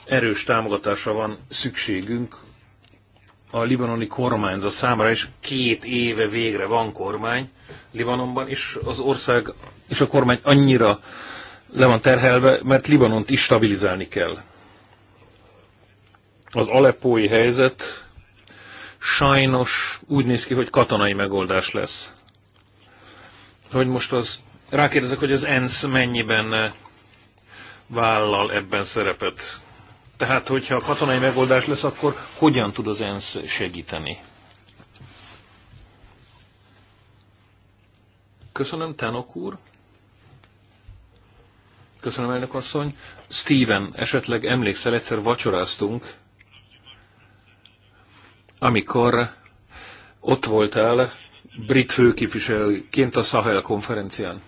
erős támogatásra van szükségünk a libanoni kormányzat számára, és két éve végre van kormány Libanonban, és az ország és a kormány annyira le van terhelve, mert Libanont is stabilizálni kell. Az aleppói helyzet sajnos úgy néz ki, hogy katonai megoldás lesz hogy most az, rákérdezek, hogy az ENSZ mennyiben eh, vállal ebben szerepet. Tehát, hogyha a katonai megoldás lesz, akkor hogyan tud az ENSZ segíteni? Köszönöm, Tenok úr. Köszönöm, elnök asszony. Steven, esetleg emlékszel, egyszer vacsoráztunk, amikor ott voltál brit főképviselőként a Sahel konferencián.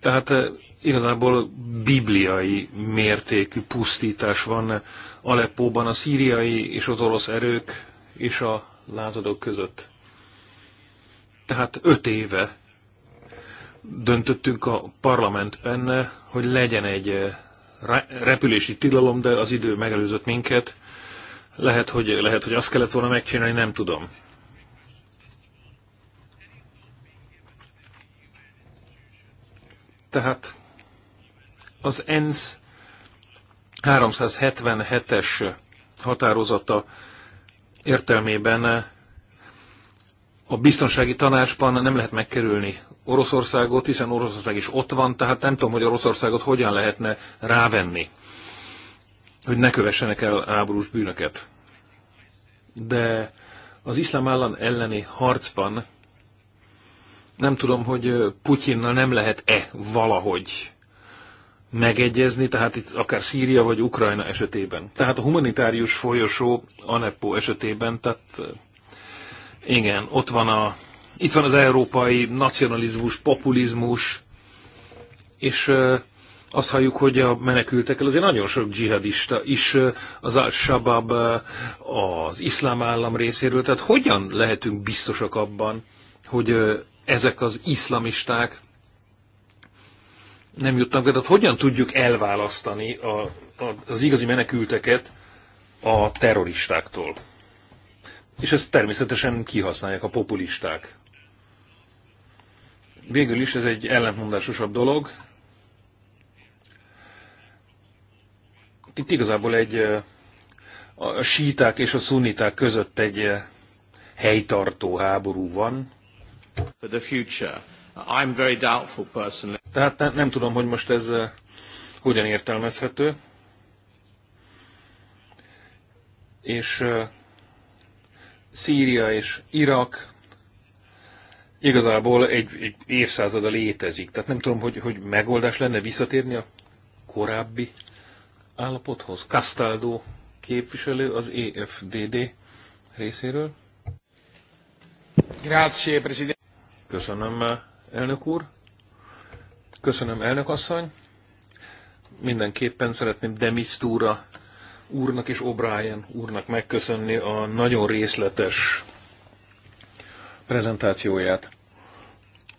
Tehát eh, igazából bibliai mértékű pusztítás van Aleppóban a szíriai és az orosz erők és a lázadók között. Tehát öt éve döntöttünk a parlamentben, eh, hogy legyen egy eh, repülési tilalom, de az idő megelőzött minket. Lehet, hogy, lehet, hogy azt kellett volna megcsinálni, nem tudom. Tehát az ENSZ 377-es határozata értelmében a biztonsági tanácsban nem lehet megkerülni Oroszországot, hiszen Oroszország is ott van, tehát nem tudom, hogy Oroszországot hogyan lehetne rávenni, hogy ne kövessenek el áborús bűnöket. De az iszlám állam elleni harcban nem tudom, hogy Putyinnal nem lehet-e valahogy megegyezni, tehát itt akár Szíria vagy Ukrajna esetében. Tehát a humanitárius folyosó Aneppo esetében, tehát igen, ott van a, itt van az európai nacionalizmus, populizmus, és azt halljuk, hogy a menekültekkel azért nagyon sok dzsihadista is az al-Shabaab az iszlám állam részéről, tehát hogyan lehetünk biztosak abban, hogy ezek az iszlamisták nem jutnak be, tehát hogyan tudjuk elválasztani a, a, az igazi menekülteket a terroristáktól? És ezt természetesen kihasználják a populisták. Végül is ez egy ellentmondásosabb dolog. Itt igazából egy a síták és a szuniták között egy helytartó háború van, For the future. I'm very doubtful personally. Tehát nem, nem tudom, hogy most ez eh, hogyan értelmezhető. És uh, Szíria és Irak igazából egy, egy évszázada létezik. Tehát nem tudom, hogy, hogy megoldás lenne visszatérni a korábbi állapothoz. Castaldo képviselő az EFDD részéről. Grazie, Presidente. Köszönöm, elnök úr. Köszönöm, elnök asszony. Mindenképpen szeretném Demisztúra úrnak és O'Brien úrnak megköszönni a nagyon részletes prezentációját.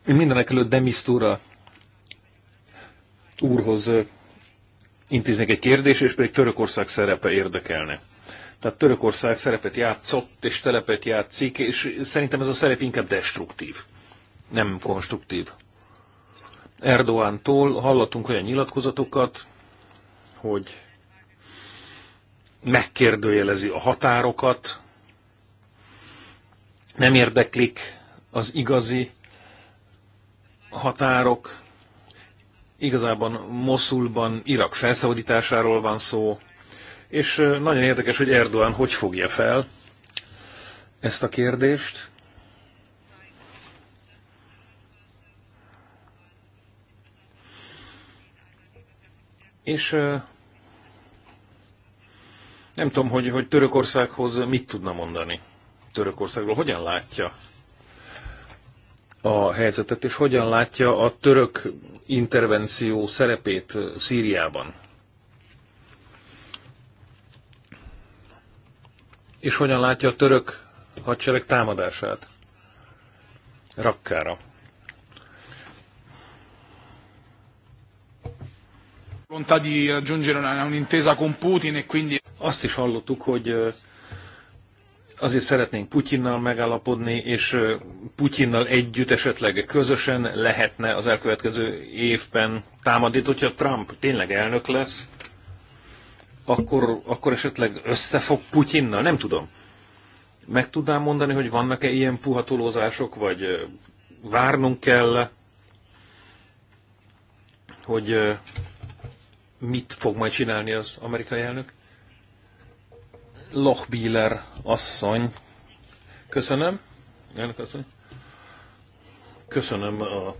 Én mindenek előtt Demisztúra úrhoz intéznék egy kérdést, és pedig Törökország szerepe érdekelne. Tehát Törökország szerepet játszott, és telepet játszik, és szerintem ez a szerep inkább destruktív nem konstruktív. Erdoántól hallottunk olyan nyilatkozatokat, hogy megkérdőjelezi a határokat, nem érdeklik az igazi határok. Igazában Moszulban Irak felszabadításáról van szó, és nagyon érdekes, hogy Erdoğan hogy fogja fel ezt a kérdést. És nem tudom, hogy, hogy Törökországhoz mit tudna mondani. Törökországról hogyan látja a helyzetet, és hogyan látja a török intervenció szerepét Szíriában? És hogyan látja a török hadsereg támadását? Rakkára. E Azt is hallottuk, hogy azért szeretnénk Putyinnal megállapodni, és Putyinnal együtt esetleg közösen lehetne az elkövetkező évben támadni. Hogyha Trump tényleg elnök lesz, akkor, akkor esetleg összefog Putyinnal? Nem tudom. Meg tudnám mondani, hogy vannak-e ilyen puhatolózások, vagy várnunk kell, hogy mit fog majd csinálni az amerikai elnök. Lochbieler asszony. Köszönöm. Elnök asszony. Köszönöm a...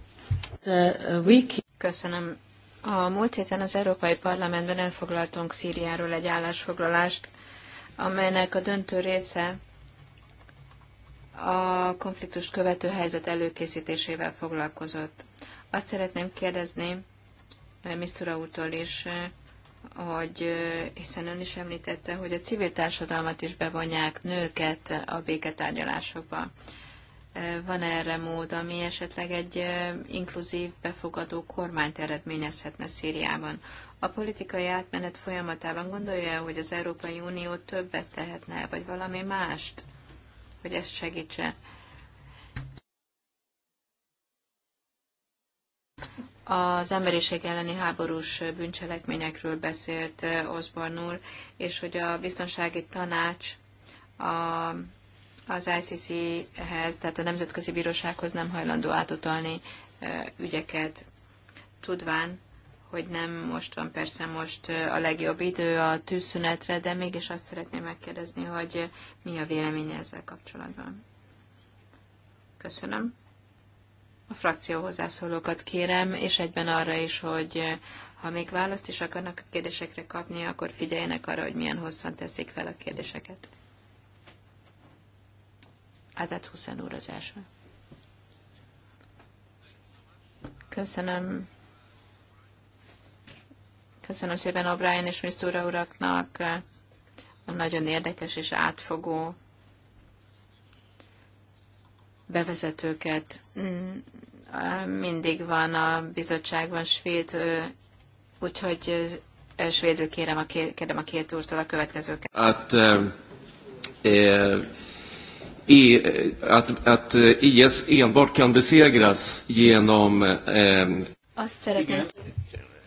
Uh, Köszönöm. A múlt héten az Európai Parlamentben elfoglaltunk Szíriáról egy állásfoglalást, amelynek a döntő része a konfliktus követő helyzet előkészítésével foglalkozott. Azt szeretném kérdezni, Misztura úrtól is, hogy hiszen ön is említette, hogy a civil társadalmat is bevonják nőket a béketárgyalásokba. Van erre mód, ami esetleg egy inkluzív, befogadó kormányt eredményezhetne Szíriában. A politikai átmenet folyamatában gondolja, hogy az Európai Unió többet tehetne, vagy valami mást, hogy ezt segítse az emberiség elleni háborús bűncselekményekről beszélt Osborne úr, és hogy a biztonsági tanács a, az ICC-hez, tehát a Nemzetközi Bírósághoz nem hajlandó átutalni ügyeket, tudván, hogy nem most van persze most a legjobb idő a tűzszünetre, de mégis azt szeretném megkérdezni, hogy mi a véleménye ezzel kapcsolatban. Köszönöm. A frakció hozzászólókat kérem, és egyben arra is, hogy eh, ha még választ is akarnak a kérdésekre kapni, akkor figyeljenek arra, hogy milyen hosszan teszik fel a kérdéseket. Adat Huszen úr az első. Köszönöm. Köszönöm szépen O'Brien és Mr. uraknak a nagyon érdekes és átfogó bevezetőket. Mm, mindig van a bizottságban svéd, úgyhogy svédül kérem a két, kérem a két úrtól a következőket. Att, hát, eh, i, att, hát, att hát, IS enbart kan besegras genom... Eh, Azt szeretném...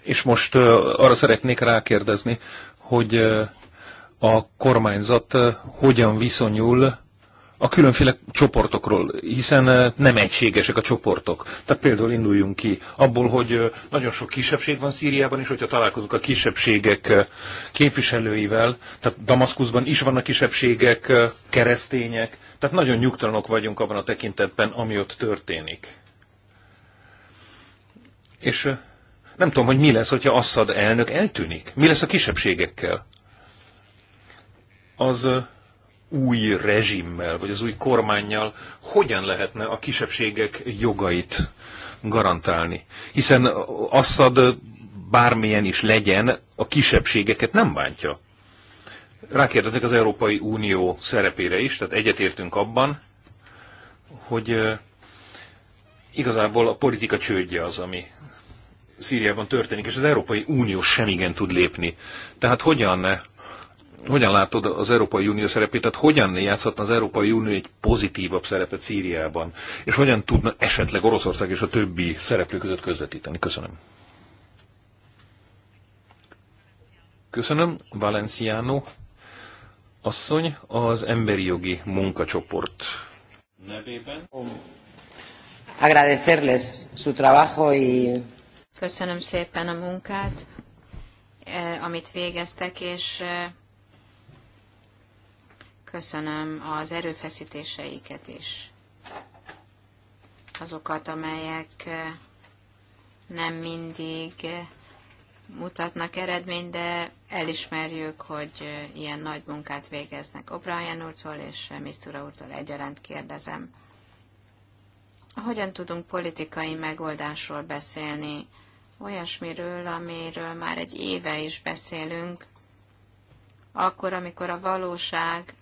És most uh, arra szeretnék rákérdezni, hogy uh, a kormányzat hogyan viszonyul a különféle csoportokról, hiszen eh, nem egységesek a csoportok. Tehát például induljunk ki abból, hogy eh, nagyon sok kisebbség van Szíriában, és hogyha találkozunk a kisebbségek eh, képviselőivel, tehát Damaszkuszban is vannak kisebbségek, keresztények, tehát nagyon nyugtalanok vagyunk abban a tekintetben, ami ott történik. És nem tudom, hogy mi lesz, hogyha Assad elnök eltűnik. Mi lesz a kisebbségekkel? Az új rezsimmel, vagy az új kormányjal hogyan lehetne a kisebbségek jogait garantálni. Hiszen Assad bármilyen is legyen, a kisebbségeket nem bántja. Rákérdezek az Európai Unió szerepére is, tehát egyetértünk abban, hogy igazából a politika csődje az, ami Szíriában történik, és az Európai Unió sem igen tud lépni. Tehát hogyan hogyan látod az Európai Unió szerepét? Tehát hogyan játszhatna az Európai Unió egy pozitívabb szerepet Szíriában? És hogyan tudna esetleg Oroszország és a többi szereplő között közvetíteni? Köszönöm. Köszönöm. Valenciano asszony az emberi jogi munkacsoport nevében. Agradecerles su trabajo y... Köszönöm szépen a munkát, eh, amit végeztek, és eh, Köszönöm az erőfeszítéseiket is. Azokat, amelyek nem mindig mutatnak eredményt, de elismerjük, hogy ilyen nagy munkát végeznek O'Brien úrtól és Misztura úrtól egyaránt kérdezem. Hogyan tudunk politikai megoldásról beszélni? Olyasmiről, amiről már egy éve is beszélünk, akkor, amikor a valóság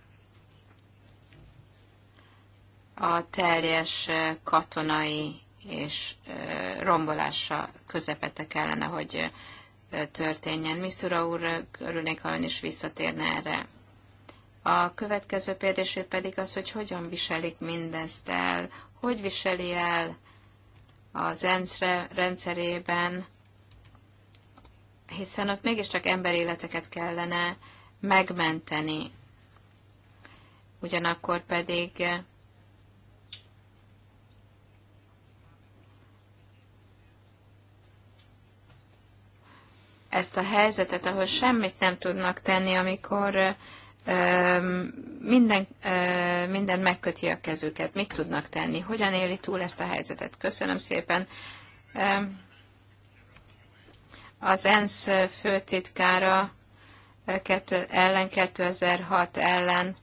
a teljes katonai és rombolása közepete kellene, hogy történjen. Miszura úr, örülnék, ha ön is visszatérne erre. A következő kérdésé pedig az, hogy hogyan viselik mindezt el, hogy viseli el az ENSZ rendszerében, hiszen ott mégiscsak emberéleteket kellene megmenteni. Ugyanakkor pedig ezt a helyzetet, ahol semmit nem tudnak tenni, amikor minden, minden megköti a kezüket. Mit tudnak tenni? Hogyan éli túl ezt a helyzetet? Köszönöm szépen. Az ENSZ főtitkára ellen 2006 ellen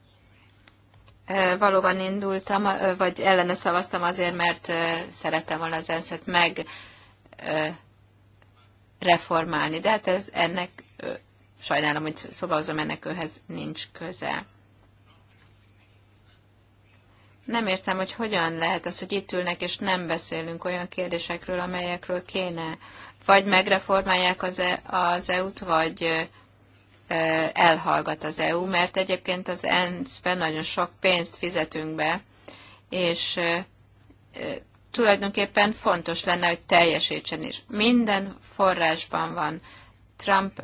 valóban indultam, vagy ellene szavaztam azért, mert szerettem volna az ENSZ-et meg reformálni. De hát ez ennek, sajnálom, hogy szobahozom, ennek őhez nincs köze. Nem értem, hogy hogyan lehet az, hogy itt ülnek, és nem beszélünk olyan kérdésekről, amelyekről kéne. Vagy megreformálják az, e- az EU-t, vagy elhallgat az EU, mert egyébként az ENSZ-ben nagyon sok pénzt fizetünk be, és tulajdonképpen fontos lenne, hogy teljesítsen is. Minden forrásban van. Trump,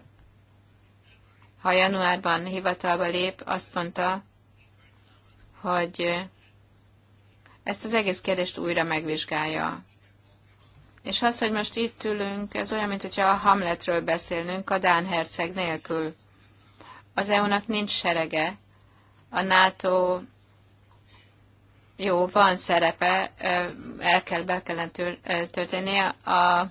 ha januárban hivatalba lép, azt mondta, hogy ezt az egész kérdést újra megvizsgálja. És az, hogy most itt ülünk, ez olyan, mint hogyha a Hamletről beszélnünk, a Dán herceg nélkül. Az EU-nak nincs serege, a NATO jó, van szerepe, el kell, be kellene történnie. A,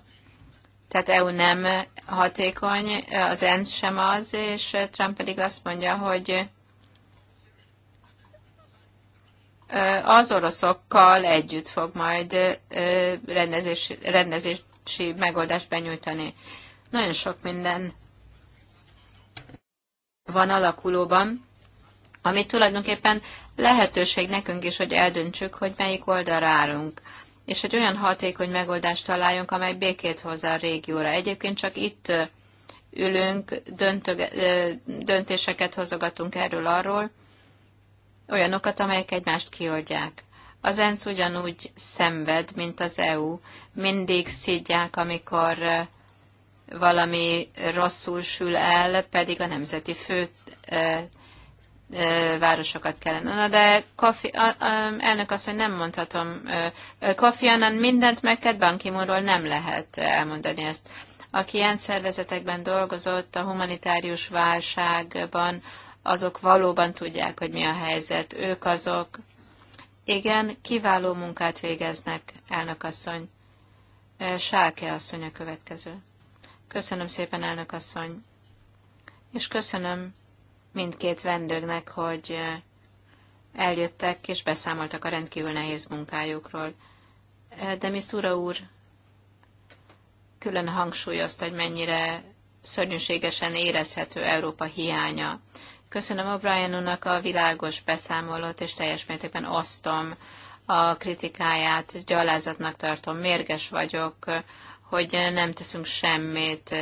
tehát EU nem hatékony, az ENSZ sem az, és Trump pedig azt mondja, hogy az oroszokkal együtt fog majd rendezés, rendezési megoldást benyújtani. Nagyon sok minden van alakulóban, ami tulajdonképpen lehetőség nekünk is, hogy eldöntsük, hogy melyik oldalra állunk és egy olyan hatékony megoldást találjunk, amely békét hozza a régióra. Egyébként csak itt ülünk, döntöge, döntéseket hozogatunk erről arról, olyanokat, amelyek egymást kioldják. Az ENSZ ugyanúgy szenved, mint az EU. Mindig szidják, amikor valami rosszul sül el, pedig a nemzeti fő városokat kellene. Na de Kofi, elnök azt, hogy nem mondhatom. Kofi Annan mindent megked, Ban nem lehet elmondani ezt. Aki ilyen szervezetekben dolgozott a humanitárius válságban, azok valóban tudják, hogy mi a helyzet. Ők azok. Igen, kiváló munkát végeznek, elnök asszony. Sálke asszony a következő. Köszönöm szépen, elnök asszony. És köszönöm mindkét vendőgnek, hogy eljöttek és beszámoltak a rendkívül nehéz munkájukról. De Misztúra úr külön hangsúlyozta, hogy mennyire szörnyűségesen érezhető Európa hiánya. Köszönöm O'Brien úrnak a világos beszámolót, és teljes mértékben osztom a kritikáját, gyalázatnak tartom, mérges vagyok, hogy nem teszünk semmit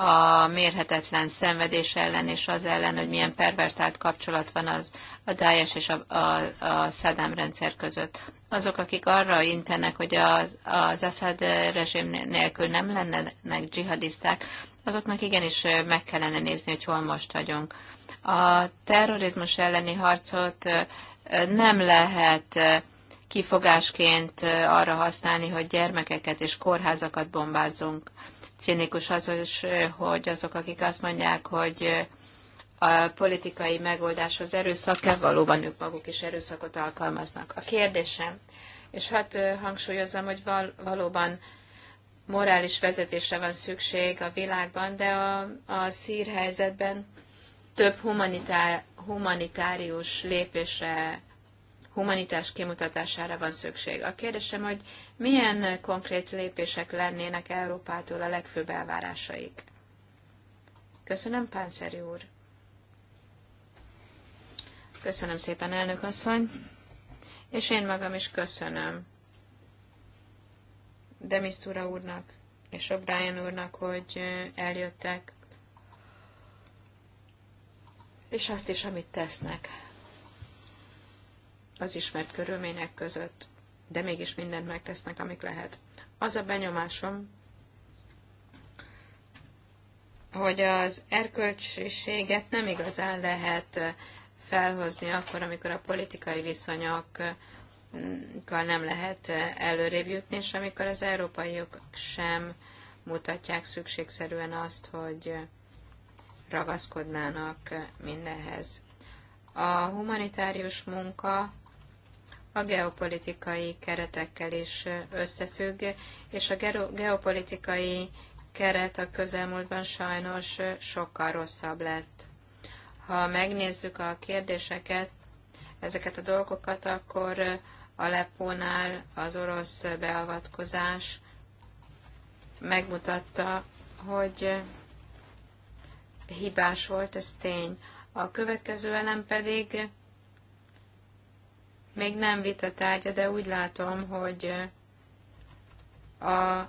a mérhetetlen szenvedés ellen és az ellen, hogy milyen pervertált kapcsolat van az a Daesh és a, a, a Saddam rendszer között. Azok, akik arra intenek, hogy az, az Assad rezsim nélkül nem lennének dzsihadiszták, azoknak igenis meg kellene nézni, hogy hol most vagyunk. A terrorizmus elleni harcot nem lehet kifogásként arra használni, hogy gyermekeket és kórházakat bombázzunk. Cinikus az is, hogy azok, akik azt mondják, hogy a politikai megoldáshoz erőszak kell, valóban ők maguk is erőszakot alkalmaznak. A kérdésem, és hát hangsúlyozom, hogy val- valóban morális vezetésre van szükség a világban, de a, a szír helyzetben több humanitá- humanitárius lépésre humanitás kimutatására van szükség. A kérdésem, hogy milyen konkrét lépések lennének Európától a legfőbb elvárásaik? Köszönöm, Pánszeri úr. Köszönöm szépen, elnök asszony. És én magam is köszönöm Demisztúra úrnak és O'Brien úrnak, hogy eljöttek, és azt is, amit tesznek az ismert körülmények között, de mégis mindent megtesznek, amik lehet. Az a benyomásom, hogy az erkölcsiséget nem igazán lehet felhozni akkor, amikor a politikai viszonyokkal nem lehet előrébb jutni, és amikor az európaiok sem mutatják szükségszerűen azt, hogy ragaszkodnának mindenhez. A humanitárius munka a geopolitikai keretekkel is összefügg, és a geopolitikai keret a közelmúltban sajnos sokkal rosszabb lett. Ha megnézzük a kérdéseket, ezeket a dolgokat, akkor Aleppónál az orosz beavatkozás megmutatta, hogy hibás volt, ez tény. A következő elem pedig még nem vita tárgya, de úgy látom, hogy a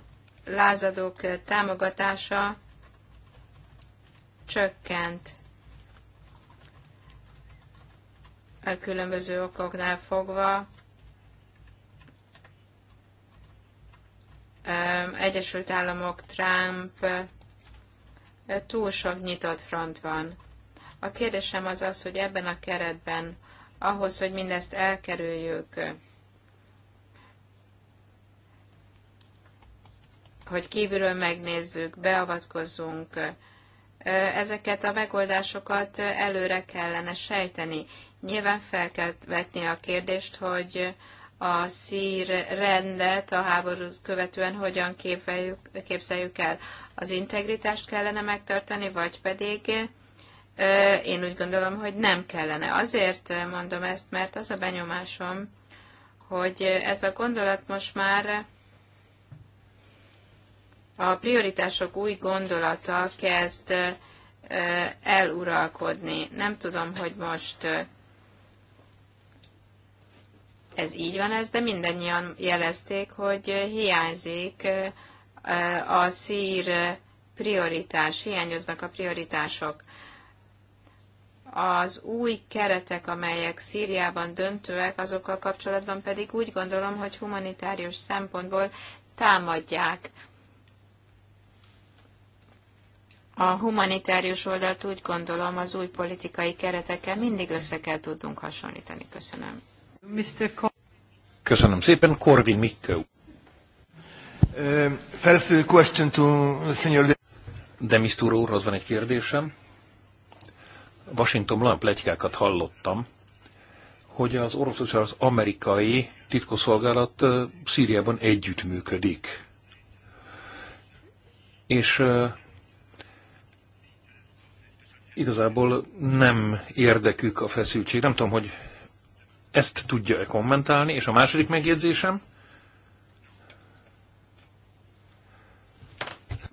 lázadók támogatása csökkent a különböző okoknál fogva. Egyesült Államok, Trump, túl sok nyitott front van. A kérdésem az az, hogy ebben a keretben ahhoz, hogy mindezt elkerüljük, hogy kívülről megnézzük, beavatkozzunk, ezeket a megoldásokat előre kellene sejteni. Nyilván fel kell vetni a kérdést, hogy a szír rendet a háborút követően hogyan képzeljük, képzeljük el. Az integritást kellene megtartani, vagy pedig én úgy gondolom, hogy nem kellene. Azért mondom ezt, mert az a benyomásom, hogy ez a gondolat most már a prioritások új gondolata kezd eluralkodni. Nem tudom, hogy most ez így van ez, de mindannyian jelezték, hogy hiányzik a szír prioritás, hiányoznak a prioritások az új keretek, amelyek Szíriában döntőek, azokkal kapcsolatban pedig úgy gondolom, hogy humanitárius szempontból támadják a humanitárius oldalt úgy gondolom az új politikai keretekkel mindig össze kell tudnunk hasonlítani. Köszönöm. Mr. Köszönöm szépen. Korvin Mikke. Uh, first question to Senior De Mr. úrhoz van egy kérdésem. Washingtonban olyan plegykákat hallottam, hogy az orosz és az amerikai titkosszolgálat Szíriában együttműködik. És igazából nem érdekük a feszültség. Nem tudom, hogy ezt tudja-e kommentálni, és a második megjegyzésem.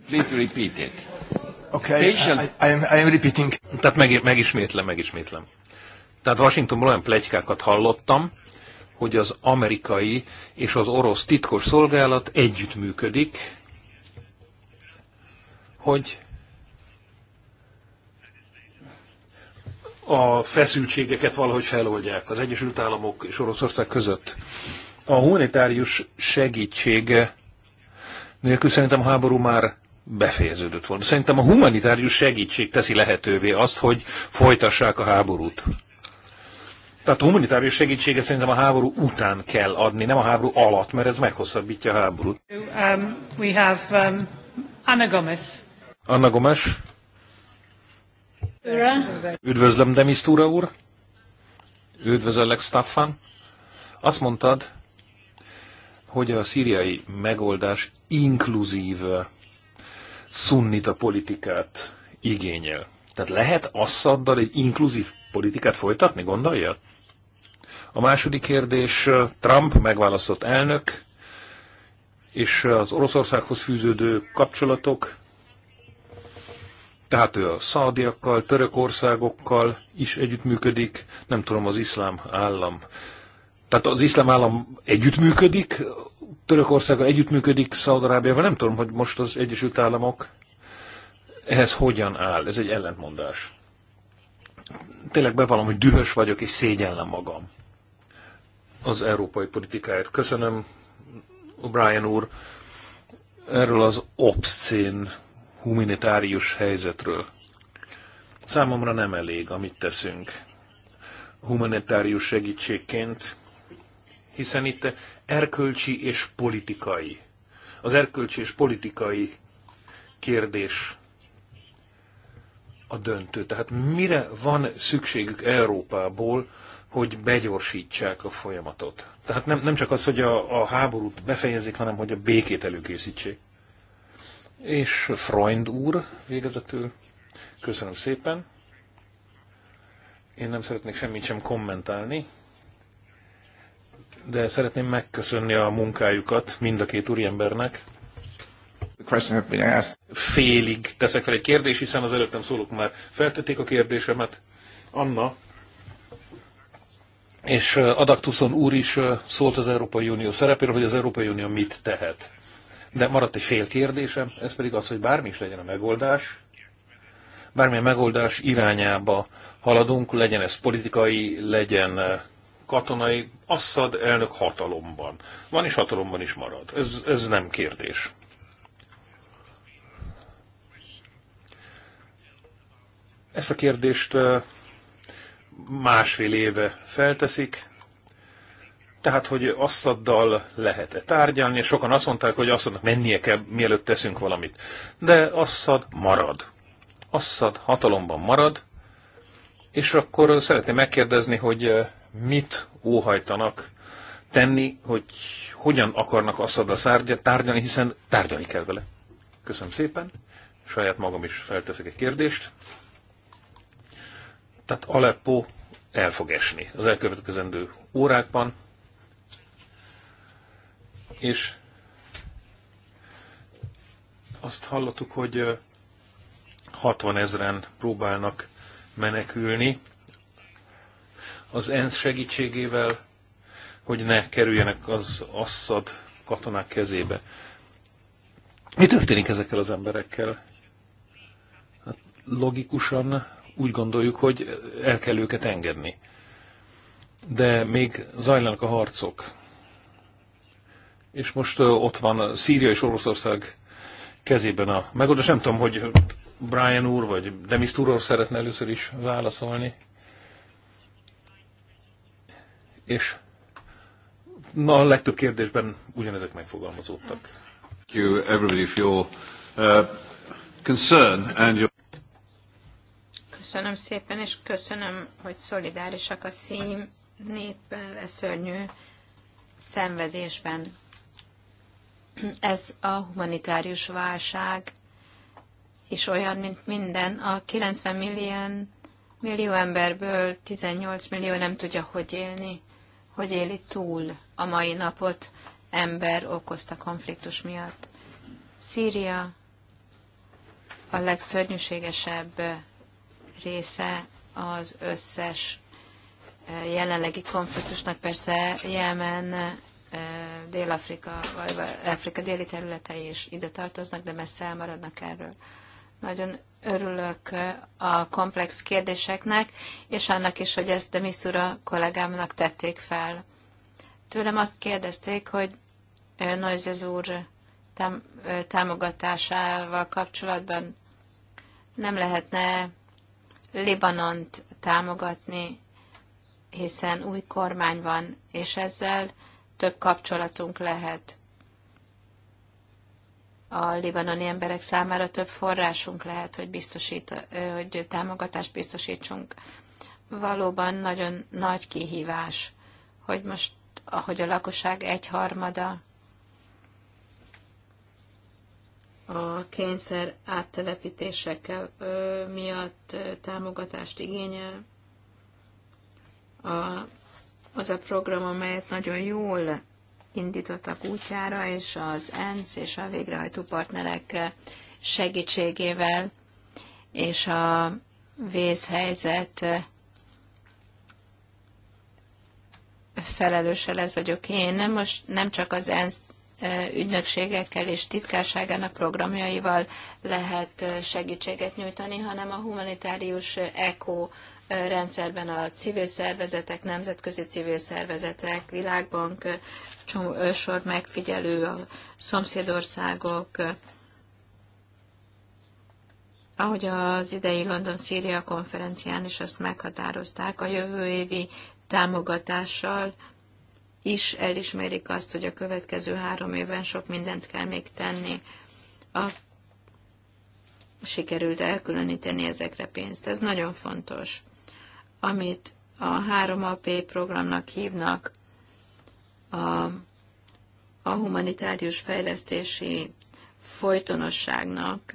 Please repeat it. Okay, I, I am repeating. Tehát meg, megismétlem, megismétlem. Tehát Washingtonból olyan plegykákat hallottam, hogy az amerikai és az orosz titkos szolgálat együttműködik, hogy a feszültségeket valahogy feloldják az Egyesült Államok és Oroszország között. A humanitárius segítség nélkül szerintem a háború már befejeződött volna. Szerintem a humanitárius segítség teszi lehetővé azt, hogy folytassák a háborút. Tehát a humanitárius segítséget szerintem a háború után kell adni, nem a háború alatt, mert ez meghosszabbítja a háborút. Um, we have um, Anna Gomez. Anna Gomes. Ura. Üdvözlöm, Demisztúra úr. Üdvözöllek, Staffan. Azt mondtad, hogy a szíriai megoldás inkluzív szunnita politikát igényel. Tehát lehet Assaddal egy inkluzív politikát folytatni, gondolja? A második kérdés, Trump megválasztott elnök, és az Oroszországhoz fűződő kapcsolatok, tehát ő a szaudiakkal, török országokkal is együttműködik, nem tudom, az iszlám állam. Tehát az iszlám állam együttműködik Törökországgal együttműködik Szaudarábiával, nem tudom, hogy most az Egyesült Államok ehhez hogyan áll. Ez egy ellentmondás. Tényleg bevallom, hogy dühös vagyok, és szégyellem magam az európai politikáért. Köszönöm, O'Brien úr, erről az obszcén humanitárius helyzetről. Számomra nem elég, amit teszünk humanitárius segítségként, hiszen itt erkölcsi és politikai. Az erkölcsi és politikai kérdés a döntő. Tehát mire van szükségük Európából, hogy begyorsítsák a folyamatot? Tehát nem, nem csak az, hogy a, a háborút befejezik, hanem hogy a békét előkészítsék. És Freund úr végezetül. Köszönöm szépen. Én nem szeretnék semmit sem kommentálni, de szeretném megköszönni a munkájukat mind a két úriembernek. Félig teszek fel egy kérdést, hiszen az előttem szólók már feltették a kérdésemet. Anna és Adaktuszon úr is szólt az Európai Unió szerepéről, hogy az Európai Unió mit tehet. De maradt egy fél kérdésem, ez pedig az, hogy bármi is legyen a megoldás, bármilyen megoldás irányába haladunk, legyen ez politikai, legyen katonai Assad elnök hatalomban. Van és hatalomban is marad. Ez, ez nem kérdés. Ezt a kérdést másfél éve felteszik, tehát, hogy Assaddal lehet-e tárgyalni, és sokan azt mondták, hogy Assadnak mennie kell, mielőtt teszünk valamit. De Assad marad. Assad hatalomban marad, és akkor szeretném megkérdezni, hogy mit óhajtanak tenni, hogy hogyan akarnak Assad a tárgyalni, hiszen tárgyalni kell vele. Köszönöm szépen. Saját magam is felteszek egy kérdést. Tehát Aleppo el fog esni az elkövetkezendő órákban, és azt hallottuk, hogy 60 ezeren próbálnak menekülni, az ENSZ segítségével, hogy ne kerüljenek az Assad katonák kezébe. Mi történik ezekkel az emberekkel? Hát logikusan úgy gondoljuk, hogy el kell őket engedni. De még zajlanak a harcok. És most ott van Szíria és Oroszország kezében a megoldás. Nem tudom, hogy Brian úr vagy Demis úr szeretne először is válaszolni és na, a legtöbb kérdésben ugyanezek megfogalmazódtak. Thank you everybody for your uh, concern and your Köszönöm szépen, és köszönöm, hogy szolidárisak a szín néppel, e szörnyű szenvedésben. Ez a humanitárius válság is olyan, mint minden. A 90 millió, millió emberből 18 millió nem tudja, hogy élni hogy éli túl a mai napot ember okozta konfliktus miatt. Szíria a legszörnyűségesebb része az összes eh, jelenlegi konfliktusnak. Persze Jemen, eh, Dél-Afrika, vagy Afrika déli területei is ide tartoznak, de messze elmaradnak erről. Nagyon örülök a komplex kérdéseknek, és annak is, hogy ezt de Misztura kollégámnak tették fel. Tőlem azt kérdezték, hogy Noizez úr támogatásával kapcsolatban nem lehetne Libanont támogatni, hiszen új kormány van, és ezzel több kapcsolatunk lehet a libanoni emberek számára több forrásunk lehet, hogy, biztosít, hogy támogatást biztosítsunk. Valóban nagyon nagy kihívás, hogy most, ahogy a lakosság egyharmada a kényszer áttelepítésekkel miatt támogatást igényel. A, az a program, amelyet nagyon jól indítottak útjára, és az ENSZ és a végrehajtó partnerek segítségével és a vészhelyzet felelőse lesz vagyok én. Nem, most nem csak az ENSZ ügynökségekkel és titkárságának programjaival lehet segítséget nyújtani, hanem a humanitárius ECO rendszerben a civil szervezetek, nemzetközi civil szervezetek, világbank, sor megfigyelő, a szomszédországok, ahogy az idei London-Szíria konferencián is azt meghatározták, a jövő évi támogatással is elismerik azt, hogy a következő három évben sok mindent kell még tenni. A sikerült elkülöníteni ezekre pénzt. Ez nagyon fontos amit a 3AP programnak hívnak, a, a humanitárius fejlesztési folytonosságnak,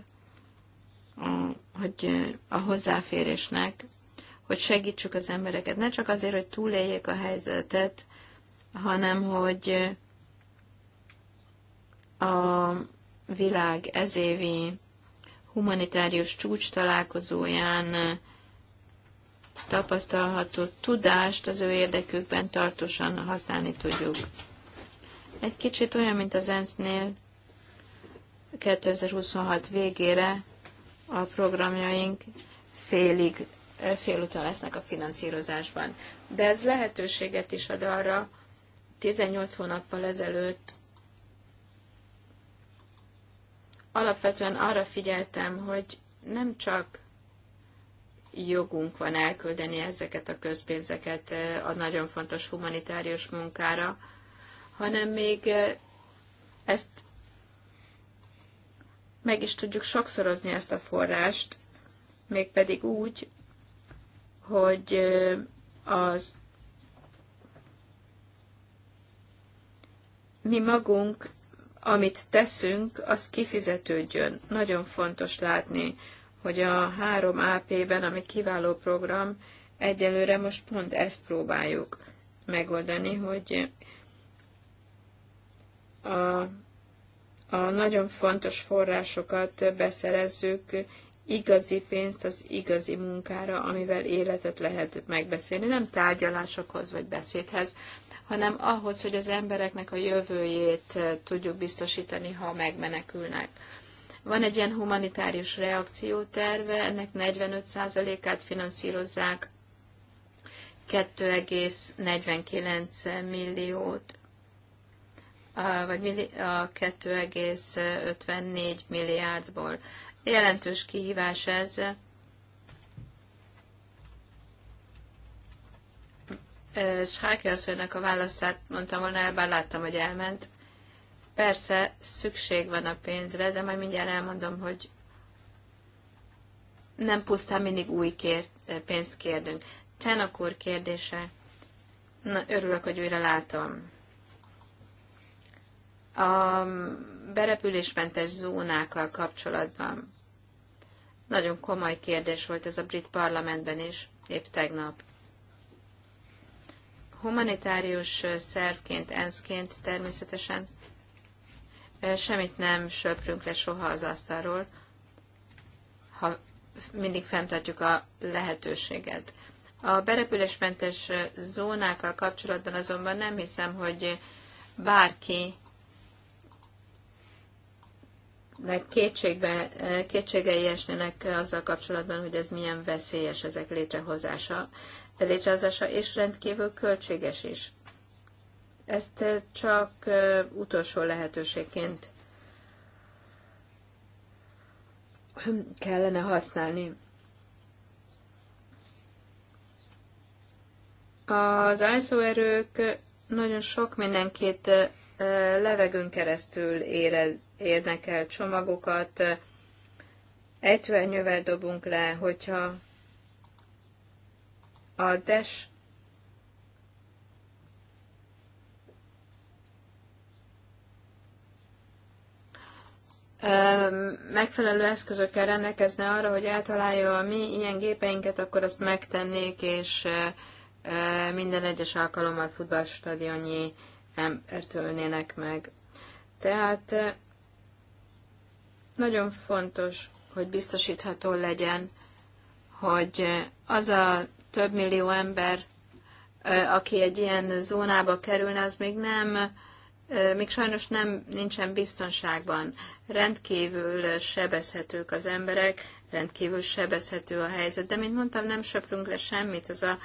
a, hogy a hozzáférésnek, hogy segítsük az embereket, ne csak azért, hogy túléljék a helyzetet, hanem hogy a világ ezévi humanitárius csúcs találkozóján tapasztalható tudást az ő érdekükben tartósan használni tudjuk. Egy kicsit olyan, mint az ENSZ-nél 2026 végére a programjaink félig, félúton lesznek a finanszírozásban. De ez lehetőséget is ad arra, 18 hónappal ezelőtt alapvetően arra figyeltem, hogy nem csak jogunk van elküldeni ezeket a közpénzeket eh, a nagyon fontos humanitárius munkára, hanem még eh, ezt meg is tudjuk sokszorozni ezt a forrást, mégpedig úgy, hogy eh, az mi magunk, amit teszünk, az kifizetődjön. Nagyon fontos látni, hogy a 3AP-ben, ami kiváló program, egyelőre most pont ezt próbáljuk megoldani, hogy a, a nagyon fontos forrásokat beszerezzük, igazi pénzt az igazi munkára, amivel életet lehet megbeszélni, nem tárgyalásokhoz vagy beszédhez, hanem ahhoz, hogy az embereknek a jövőjét tudjuk biztosítani, ha megmenekülnek. Van egy ilyen humanitárius reakcióterve, ennek 45%-át finanszírozzák 2,49 milliót, vagy 2,54 milliárdból. Jelentős kihívás ez. Sáke asszonynak a választát mondtam volna el, bár láttam, hogy elment. Persze szükség van a pénzre, de majd mindjárt elmondom, hogy nem pusztán mindig új kért, pénzt kérdünk. Tenok úr kérdése. Na, örülök, hogy újra látom. A berepülésmentes zónákkal kapcsolatban nagyon komoly kérdés volt ez a brit parlamentben is, épp tegnap. Humanitárius szervként, ENSZ-ként természetesen semmit nem söprünk le soha az asztalról, ha mindig fenntartjuk a lehetőséget. A berepülésmentes zónákkal kapcsolatban azonban nem hiszem, hogy bárki kétségbe, kétségei esnének azzal kapcsolatban, hogy ez milyen veszélyes ezek létrehozása, létrehozása, és rendkívül költséges is ezt csak utolsó lehetőségként hm, kellene használni. Az ájszóerők nagyon sok mindenkit levegőn keresztül érnek el csomagokat, ejtőernyővel dobunk le, hogyha a des megfelelő eszközökkel rendelkezne arra, hogy eltalálja a mi ilyen gépeinket, akkor azt megtennék, és minden egyes alkalommal futballstadionnyi embert ölnének meg. Tehát nagyon fontos, hogy biztosítható legyen, hogy az a több millió ember, aki egy ilyen zónába kerülne, az még nem még sajnos nem nincsen biztonságban. Rendkívül sebezhetők az emberek, rendkívül sebezhető a helyzet, de mint mondtam, nem söprünk le semmit az, a,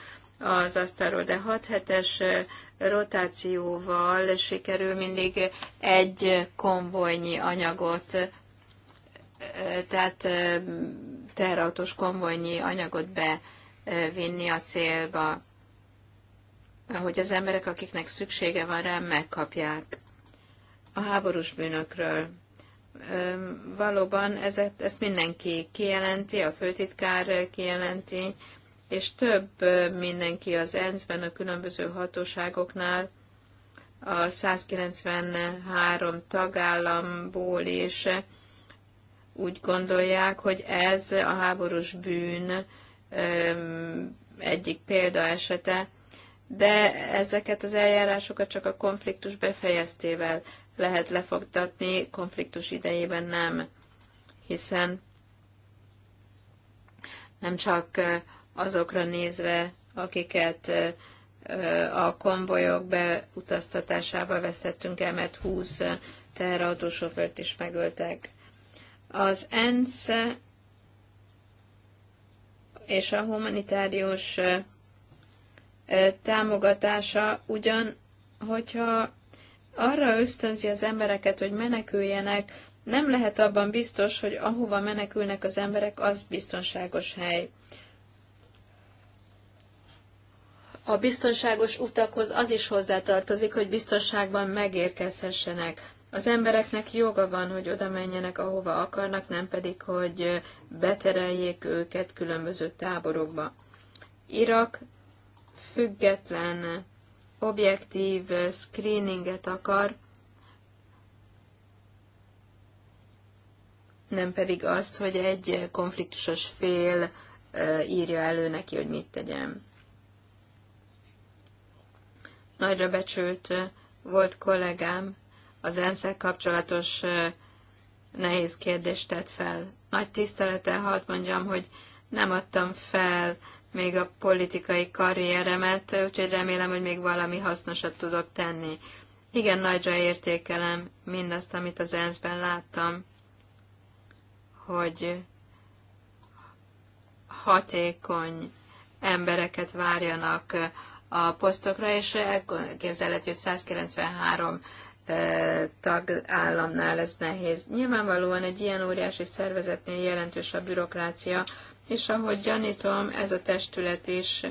az asztalról, de 6 hetes rotációval sikerül mindig egy konvojnyi anyagot, tehát terrautós konvojnyi anyagot bevinni a célba hogy az emberek, akiknek szüksége van rá, megkapják. A háborús bűnökről. Valóban ezet, ezt mindenki kijelenti, a főtitkár kijelenti, és több mindenki az ENSZ-ben, a különböző hatóságoknál, a 193 tagállamból is úgy gondolják, hogy ez a háborús bűn egyik példa esete, de ezeket az eljárásokat csak a konfliktus befejeztével lehet lefogtatni, konfliktus idejében nem, hiszen nem csak azokra nézve, akiket a konvojok beutaztatásával vesztettünk el, mert 20 teherautósofőrt is megöltek. Az ENSZ és a humanitárius támogatása ugyan, hogyha arra ösztönzi az embereket, hogy meneküljenek, nem lehet abban biztos, hogy ahova menekülnek az emberek, az biztonságos hely. A biztonságos utakhoz az is hozzátartozik, hogy biztonságban megérkezhessenek. Az embereknek joga van, hogy oda menjenek, ahova akarnak, nem pedig, hogy betereljék őket különböző táborokba. Irak független, objektív screeninget akar, nem pedig azt, hogy egy konfliktusos fél írja elő neki, hogy mit tegyen. Nagyra becsült volt kollégám, az ensz kapcsolatos nehéz kérdést tett fel. Nagy tisztelettel hadd mondjam, hogy nem adtam fel még a politikai karrieremet, úgyhogy remélem, hogy még valami hasznosat tudok tenni. Igen, nagyra értékelem mindazt, amit az ENSZ-ben láttam, hogy hatékony embereket várjanak a posztokra, és elképzelhető, hogy 193 tagállamnál ez nehéz. Nyilvánvalóan egy ilyen óriási szervezetnél jelentős a bürokrácia, és ahogy gyanítom, ez a testület is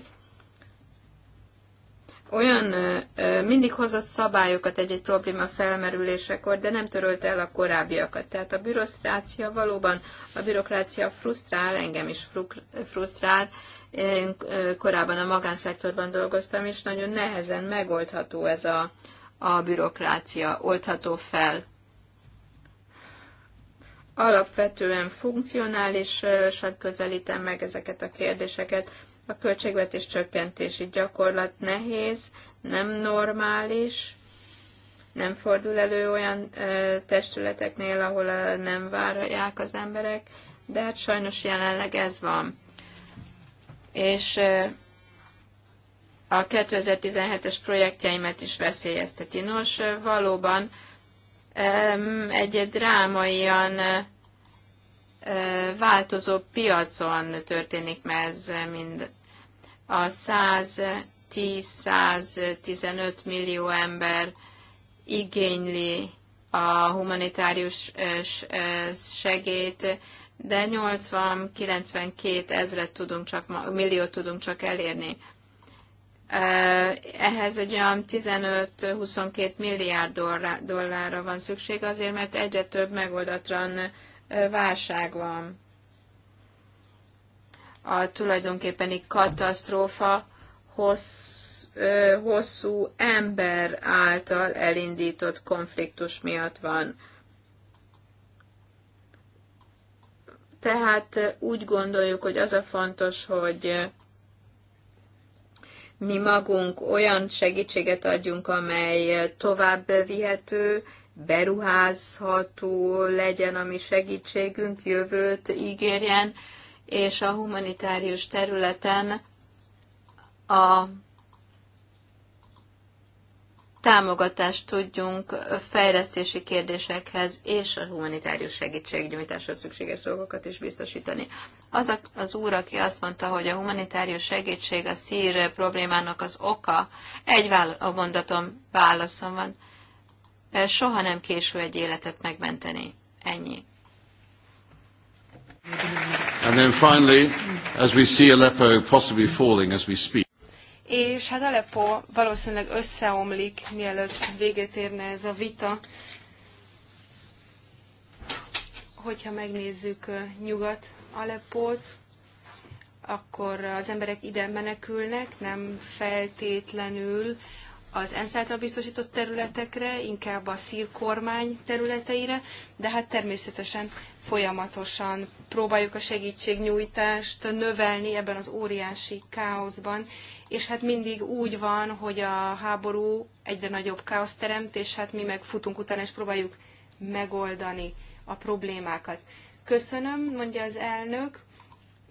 olyan mindig hozott szabályokat egy-egy probléma felmerülésekor, de nem törölt el a korábbiakat. Tehát a bürokrácia valóban, a bürokrácia frusztrál, engem is frusztrál. Én korábban a magánszektorban dolgoztam, és nagyon nehezen megoldható ez a, a bürokrácia, oldható fel alapvetően funkcionálisan közelítem meg ezeket a kérdéseket. A költségvetés csökkentési gyakorlat nehéz, nem normális, nem fordul elő olyan testületeknél, ahol nem várják az emberek, de hát sajnos jelenleg ez van. És a 2017-es projektjeimet is veszélyezteti. Nos, valóban egy drámaian változó piacon történik mert ez mind. A 110-115 millió ember igényli a humanitárius segét, de 80-92 ezret tudunk csak, milliót tudunk csak elérni. Eh, ehhez egy olyan 15-22 milliárd dollárra van szükség azért, mert egyre több megoldatlan eh, válság van. A tulajdonképpeni katasztrófa hossz, eh, hosszú ember által elindított konfliktus miatt van. Tehát úgy gondoljuk, hogy az a fontos, hogy mi magunk olyan segítséget adjunk, amely tovább vihető, beruházható legyen a mi segítségünk, jövőt ígérjen, és a humanitárius területen a támogatást tudjunk fejlesztési kérdésekhez és a humanitárius segítségnyújtáshoz szükséges dolgokat is biztosítani. Az a, az úr, aki azt mondta, hogy a humanitárius segítség a szír problémának az oka, egy vála- a mondatom válaszom van. Soha nem késő egy életet megmenteni. Ennyi. And then finally, as we see Aleppo possibly falling as we speak és hát Aleppo valószínűleg összeomlik, mielőtt véget érne ez a vita. Hogyha megnézzük nyugat Aleppót, akkor az emberek ide menekülnek, nem feltétlenül az ENSZ által biztosított területekre, inkább a szír kormány területeire, de hát természetesen folyamatosan próbáljuk a segítségnyújtást növelni ebben az óriási káoszban, és hát mindig úgy van, hogy a háború egyre nagyobb káoszt teremt, és hát mi meg futunk utána, és próbáljuk megoldani a problémákat. Köszönöm, mondja az elnök.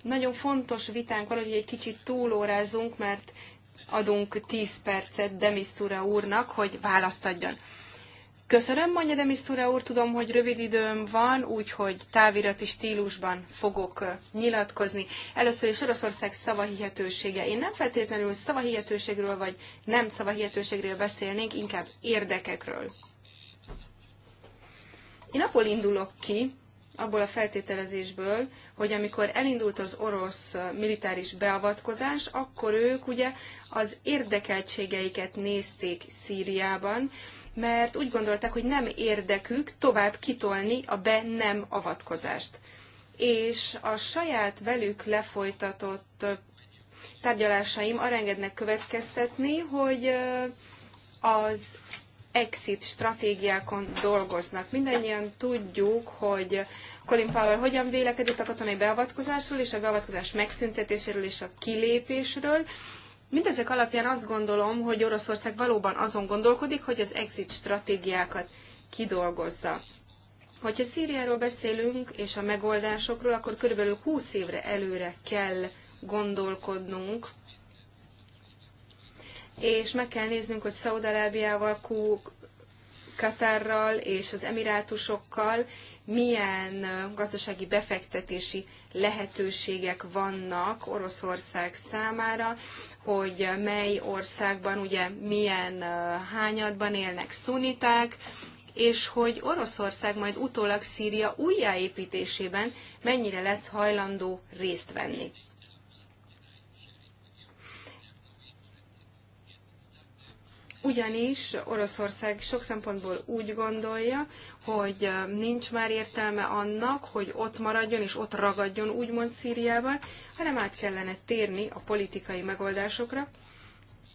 Nagyon fontos vitánk van, hogy egy kicsit túlórázunk, mert adunk 10 percet Demisztúra úrnak, hogy választ adjon. Köszönöm, mondja Demisztúra úr, tudom, hogy rövid időm van, úgyhogy távirati stílusban fogok nyilatkozni. Először is Oroszország szavahihetősége. Én nem feltétlenül szavahihetőségről vagy nem szavahihetőségről beszélnénk, inkább érdekekről. Én abból indulok ki, abból a feltételezésből, hogy amikor elindult az orosz militáris beavatkozás, akkor ők ugye az érdekeltségeiket nézték Szíriában, mert úgy gondolták, hogy nem érdekük tovább kitolni a be nem avatkozást. És a saját velük lefolytatott tárgyalásaim arra engednek következtetni, hogy az exit stratégiákon dolgoznak. Mindennyian tudjuk, hogy Colin Powell hogyan vélekedett a katonai beavatkozásról és a beavatkozás megszüntetéséről és a kilépésről. Mindezek alapján azt gondolom, hogy Oroszország valóban azon gondolkodik, hogy az exit stratégiákat kidolgozza. Hogyha Szíriáról beszélünk, és a megoldásokról, akkor körülbelül 20 évre előre kell gondolkodnunk, és meg kell néznünk, hogy Szaudarábiával, Katarral és az Emirátusokkal milyen gazdasági befektetési lehetőségek vannak Oroszország számára, hogy mely országban ugye milyen hányadban élnek szuniták, és hogy Oroszország majd utólag Szíria újjáépítésében mennyire lesz hajlandó részt venni. ugyanis Oroszország sok szempontból úgy gondolja, hogy nincs már értelme annak, hogy ott maradjon és ott ragadjon úgymond Szíriában, hanem át kellene térni a politikai megoldásokra,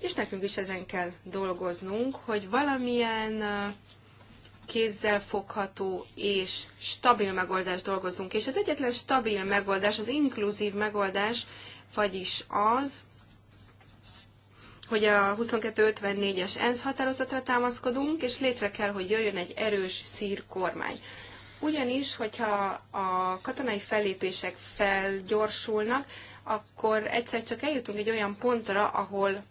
és nekünk is ezen kell dolgoznunk, hogy valamilyen fogható és stabil megoldást dolgozunk. És az egyetlen stabil megoldás, az inkluzív megoldás, vagyis az, hogy a 2254-es ENSZ határozatra támaszkodunk, és létre kell, hogy jöjjön egy erős szír kormány. Ugyanis, hogyha a katonai fellépések felgyorsulnak, akkor egyszer csak eljutunk egy olyan pontra, ahol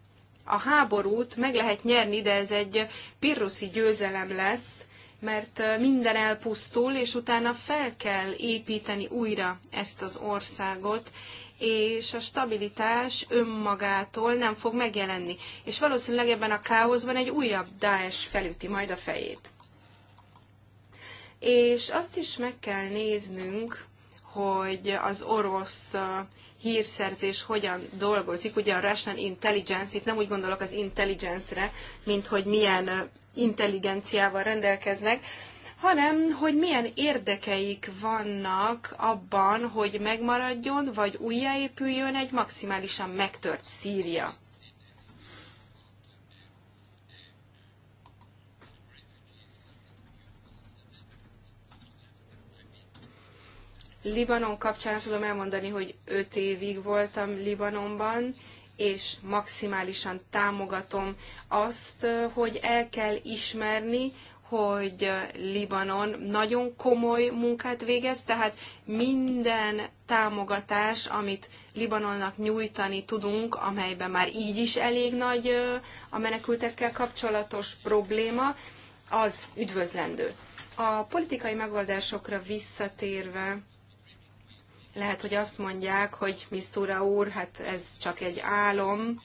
a háborút meg lehet nyerni, de ez egy pirruszi győzelem lesz, mert minden elpusztul, és utána fel kell építeni újra ezt az országot, és a stabilitás önmagától nem fog megjelenni. És valószínűleg ebben a káoszban egy újabb Daesh felüti majd a fejét. És azt is meg kell néznünk, hogy az orosz hírszerzés hogyan dolgozik. Ugye a Russian Intelligence, itt nem úgy gondolok az intelligence-re, mint hogy milyen intelligenciával rendelkeznek, hanem hogy milyen érdekeik vannak abban, hogy megmaradjon vagy újjáépüljön egy maximálisan megtört Szíria. Libanon kapcsán tudom elmondani, hogy 5 évig voltam Libanonban, és maximálisan támogatom azt, hogy el kell ismerni, hogy Libanon nagyon komoly munkát végez, tehát minden támogatás, amit Libanonnak nyújtani tudunk, amelyben már így is elég nagy a menekültekkel kapcsolatos probléma, az üdvözlendő. A politikai megoldásokra visszatérve, lehet, hogy azt mondják, hogy Misztúra úr, hát ez csak egy álom,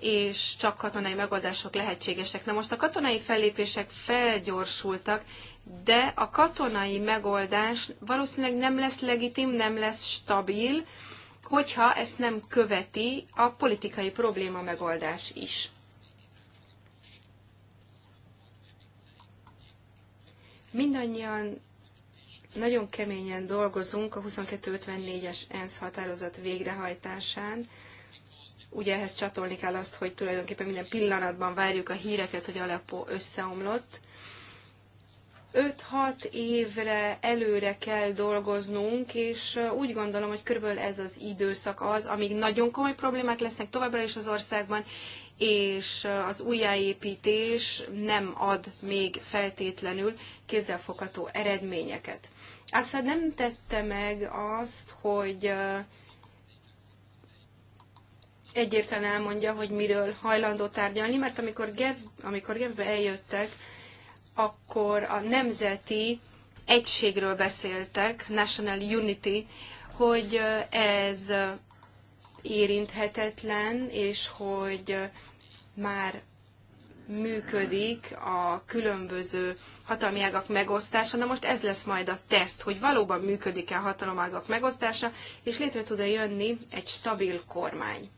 és csak katonai megoldások lehetségesek. Na most a katonai fellépések felgyorsultak, de a katonai megoldás valószínűleg nem lesz legitim, nem lesz stabil, hogyha ezt nem követi a politikai probléma megoldás is. Mindannyian nagyon keményen dolgozunk a 2254-es ENSZ határozat végrehajtásán, Ugye ehhez csatolni kell azt, hogy tulajdonképpen minden pillanatban várjuk a híreket, hogy Aleppo összeomlott. 5-6 évre előre kell dolgoznunk, és úgy gondolom, hogy körülbelül ez az időszak az, amíg nagyon komoly problémák lesznek továbbra is az országban, és az újjáépítés nem ad még feltétlenül kézzelfogható eredményeket. Aztán nem tette meg azt, hogy egyértelműen elmondja, hogy miről hajlandó tárgyalni, mert amikor, Gev, amikor Gevbe eljöttek, akkor a nemzeti egységről beszéltek, National Unity, hogy ez érinthetetlen, és hogy már működik a különböző hatalmi ágak megosztása. Na most ez lesz majd a teszt, hogy valóban működik-e a hatalom ágak megosztása, és létre tud-e jönni egy stabil kormány.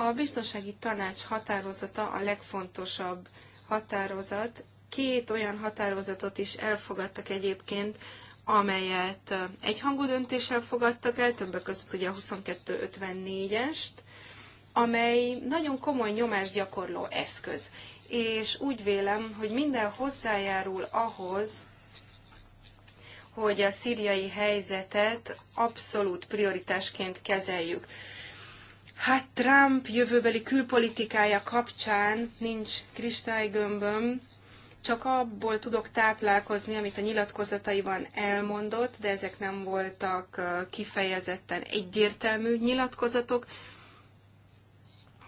A biztonsági tanács határozata a legfontosabb határozat. Két olyan határozatot is elfogadtak egyébként, amelyet egyhangú döntéssel fogadtak el, többek között ugye a 2254-est, amely nagyon komoly gyakorló eszköz. És úgy vélem, hogy minden hozzájárul ahhoz, hogy a szíriai helyzetet abszolút prioritásként kezeljük. Hát Trump jövőbeli külpolitikája kapcsán nincs kristálygömböm, csak abból tudok táplálkozni, amit a nyilatkozataiban elmondott, de ezek nem voltak kifejezetten egyértelmű nyilatkozatok.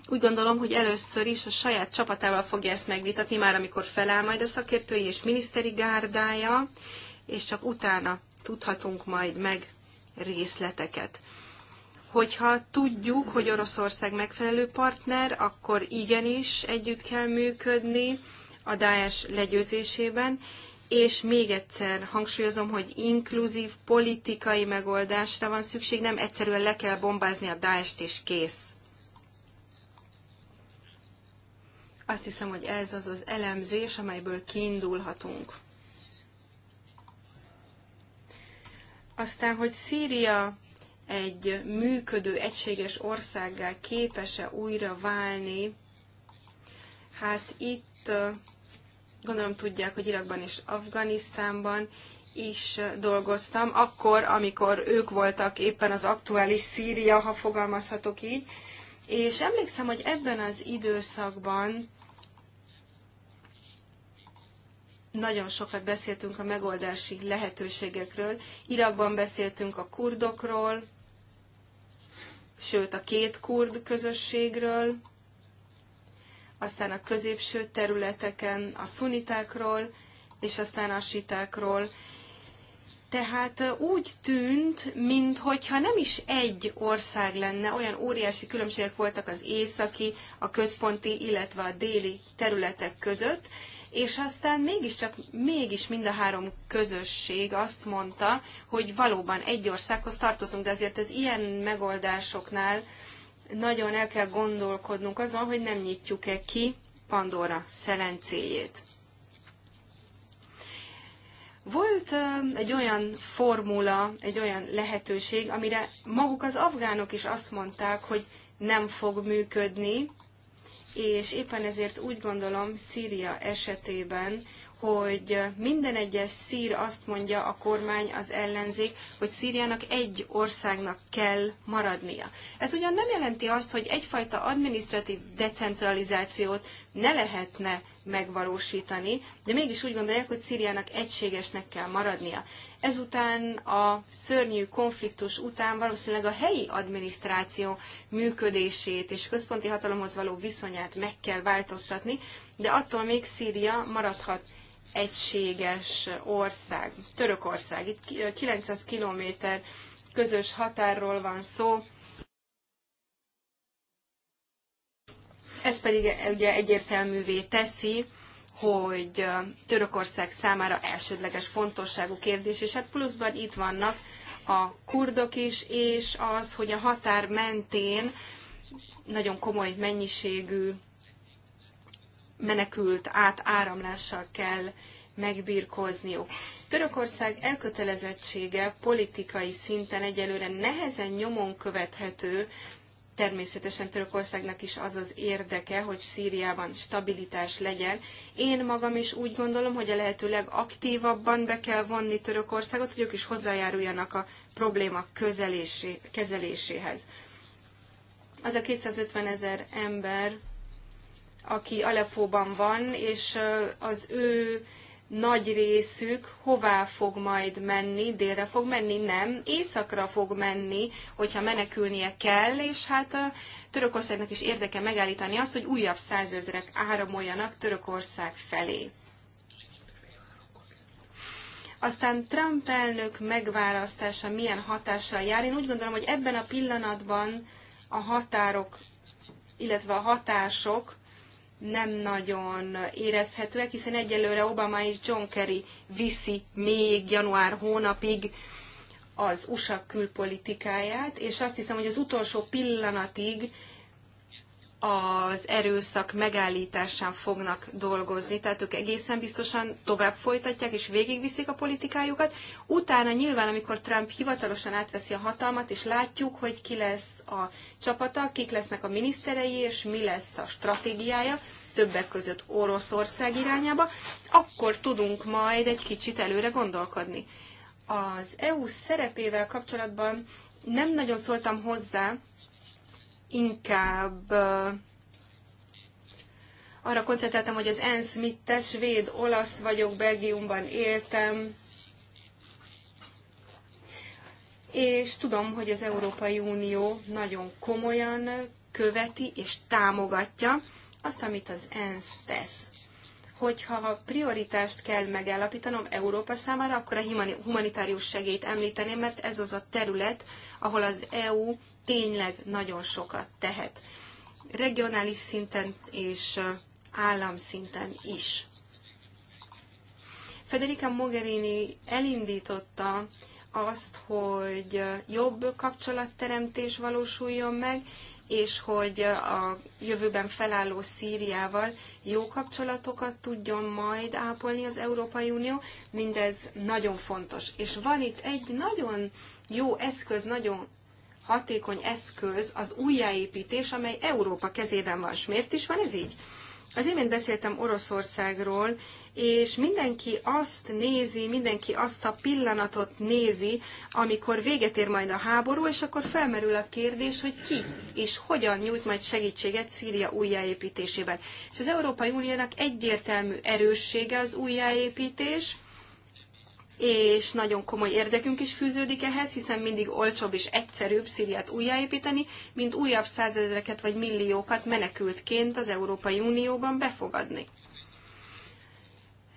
Úgy gondolom, hogy először is a saját csapatával fogja ezt megvitatni, már amikor feláll majd a szakértői és miniszteri gárdája, és csak utána tudhatunk majd meg részleteket. Hogyha tudjuk, hogy Oroszország megfelelő partner, akkor igenis együtt kell működni a Daesh legyőzésében, és még egyszer hangsúlyozom, hogy inkluzív politikai megoldásra van szükség, nem egyszerűen le kell bombázni a Daest és kész. Azt hiszem, hogy ez az az elemzés, amelyből kiindulhatunk. Aztán, hogy Szíria egy működő, egységes országgá képes-e újra válni. Hát itt gondolom tudják, hogy Irakban és Afganisztánban is dolgoztam, akkor, amikor ők voltak éppen az aktuális Szíria, ha fogalmazhatok így, és emlékszem, hogy ebben az időszakban nagyon sokat beszéltünk a megoldási lehetőségekről. Irakban beszéltünk a kurdokról, sőt a két kurd közösségről, aztán a középső területeken a szunitákról, és aztán a sitákról. Tehát úgy tűnt, mintha nem is egy ország lenne, olyan óriási különbségek voltak az északi, a központi, illetve a déli területek között, és aztán mégiscsak mégis mind a három közösség azt mondta, hogy valóban egy országhoz tartozunk, de azért az ilyen megoldásoknál nagyon el kell gondolkodnunk azon, hogy nem nyitjuk-e ki Pandora szelencéjét. Volt egy olyan formula, egy olyan lehetőség, amire maguk az afgánok is azt mondták, hogy nem fog működni, és éppen ezért úgy gondolom Szíria esetében, hogy minden egyes szír azt mondja a kormány, az ellenzék, hogy Szíriának egy országnak kell maradnia. Ez ugyan nem jelenti azt, hogy egyfajta administratív decentralizációt ne lehetne megvalósítani, de mégis úgy gondolják, hogy Szíriának egységesnek kell maradnia. Ezután a szörnyű konfliktus után valószínűleg a helyi adminisztráció működését és központi hatalomhoz való viszonyát meg kell változtatni, de attól még Szíria maradhat egységes ország. Törökország, itt 900 kilométer közös határról van szó, ez pedig ugye egyértelművé teszi, hogy Törökország számára elsődleges fontosságú kérdés, és hát pluszban itt vannak a kurdok is, és az, hogy a határ mentén nagyon komoly mennyiségű menekült átáramlással kell megbirkózniuk. Törökország elkötelezettsége politikai szinten egyelőre nehezen nyomon követhető, Természetesen Törökországnak is az az érdeke, hogy Szíriában stabilitás legyen. Én magam is úgy gondolom, hogy a lehető legaktívabban be kell vonni Törökországot, hogy ők is hozzájáruljanak a probléma kezeléséhez. Az a 250 ezer ember, aki Aleppóban van, és az ő nagy részük hová fog majd menni, délre fog menni, nem, északra fog menni, hogyha menekülnie kell, és hát a Törökországnak is érdeke megállítani azt, hogy újabb százezrek áramoljanak Törökország felé. Aztán Trump elnök megválasztása milyen hatással jár. Én úgy gondolom, hogy ebben a pillanatban a határok, illetve a hatások nem nagyon érezhetőek, hiszen egyelőre Obama és John Kerry viszi még január hónapig az USA külpolitikáját, és azt hiszem, hogy az utolsó pillanatig az erőszak megállításán fognak dolgozni, tehát ők egészen biztosan tovább folytatják és végigviszik a politikájukat. Utána nyilván, amikor Trump hivatalosan átveszi a hatalmat, és látjuk, hogy ki lesz a csapata, kik lesznek a miniszterei, és mi lesz a stratégiája, többek között Oroszország irányába, akkor tudunk majd egy kicsit előre gondolkodni. Az EU szerepével kapcsolatban nem nagyon szóltam hozzá, inkább arra koncentráltam, hogy az ENSZ mit tesz, svéd, olasz vagyok, Belgiumban éltem, és tudom, hogy az Európai Unió nagyon komolyan követi és támogatja azt, amit az ENSZ tesz. Hogyha prioritást kell megállapítanom Európa számára, akkor a humanitárius segélyt említeném, mert ez az a terület, ahol az EU tényleg nagyon sokat tehet. Regionális szinten és államszinten is. Federica Mogherini elindította azt, hogy jobb kapcsolatteremtés valósuljon meg, és hogy a jövőben felálló Szíriával jó kapcsolatokat tudjon majd ápolni az Európai Unió, mindez nagyon fontos. És van itt egy nagyon jó eszköz, nagyon hatékony eszköz az újjáépítés, amely Európa kezében van. S miért is van ez így? Az imént beszéltem Oroszországról, és mindenki azt nézi, mindenki azt a pillanatot nézi, amikor véget ér majd a háború, és akkor felmerül a kérdés, hogy ki és hogyan nyújt majd segítséget Szíria újjáépítésében. És az Európai Uniónak egyértelmű erőssége az újjáépítés, és nagyon komoly érdekünk is fűződik ehhez, hiszen mindig olcsóbb és egyszerűbb Szíriát újjáépíteni, mint újabb százezreket vagy milliókat menekültként az Európai Unióban befogadni.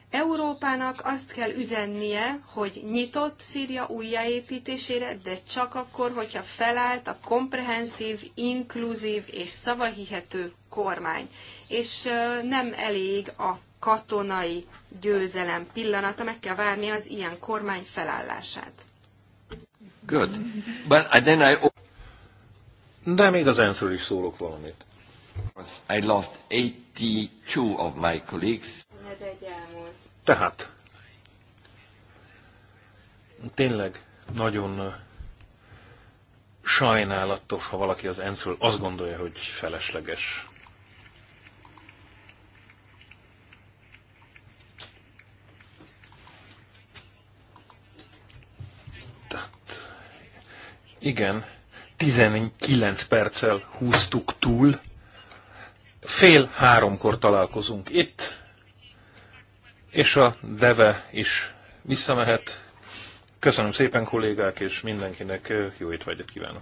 Európának azt kell üzennie, hogy nyitott Szíria újjáépítésére, de csak akkor, hogyha felállt a komprehenszív, inkluzív és szavahihető kormány. És nem elég a katonai győzelem pillanata, meg kell várni az ilyen kormány felállását. Good. But uh, then I... De még az ensz is szólok valamit. I lost 82 of my colleagues. Tehát, tényleg nagyon uh, sajnálatos, ha valaki az ensz azt gondolja, hogy felesleges Igen, 19 perccel húztuk túl. Fél háromkor találkozunk itt, és a deve is visszamehet. Köszönöm szépen kollégák, és mindenkinek jó étvágyat kívánok!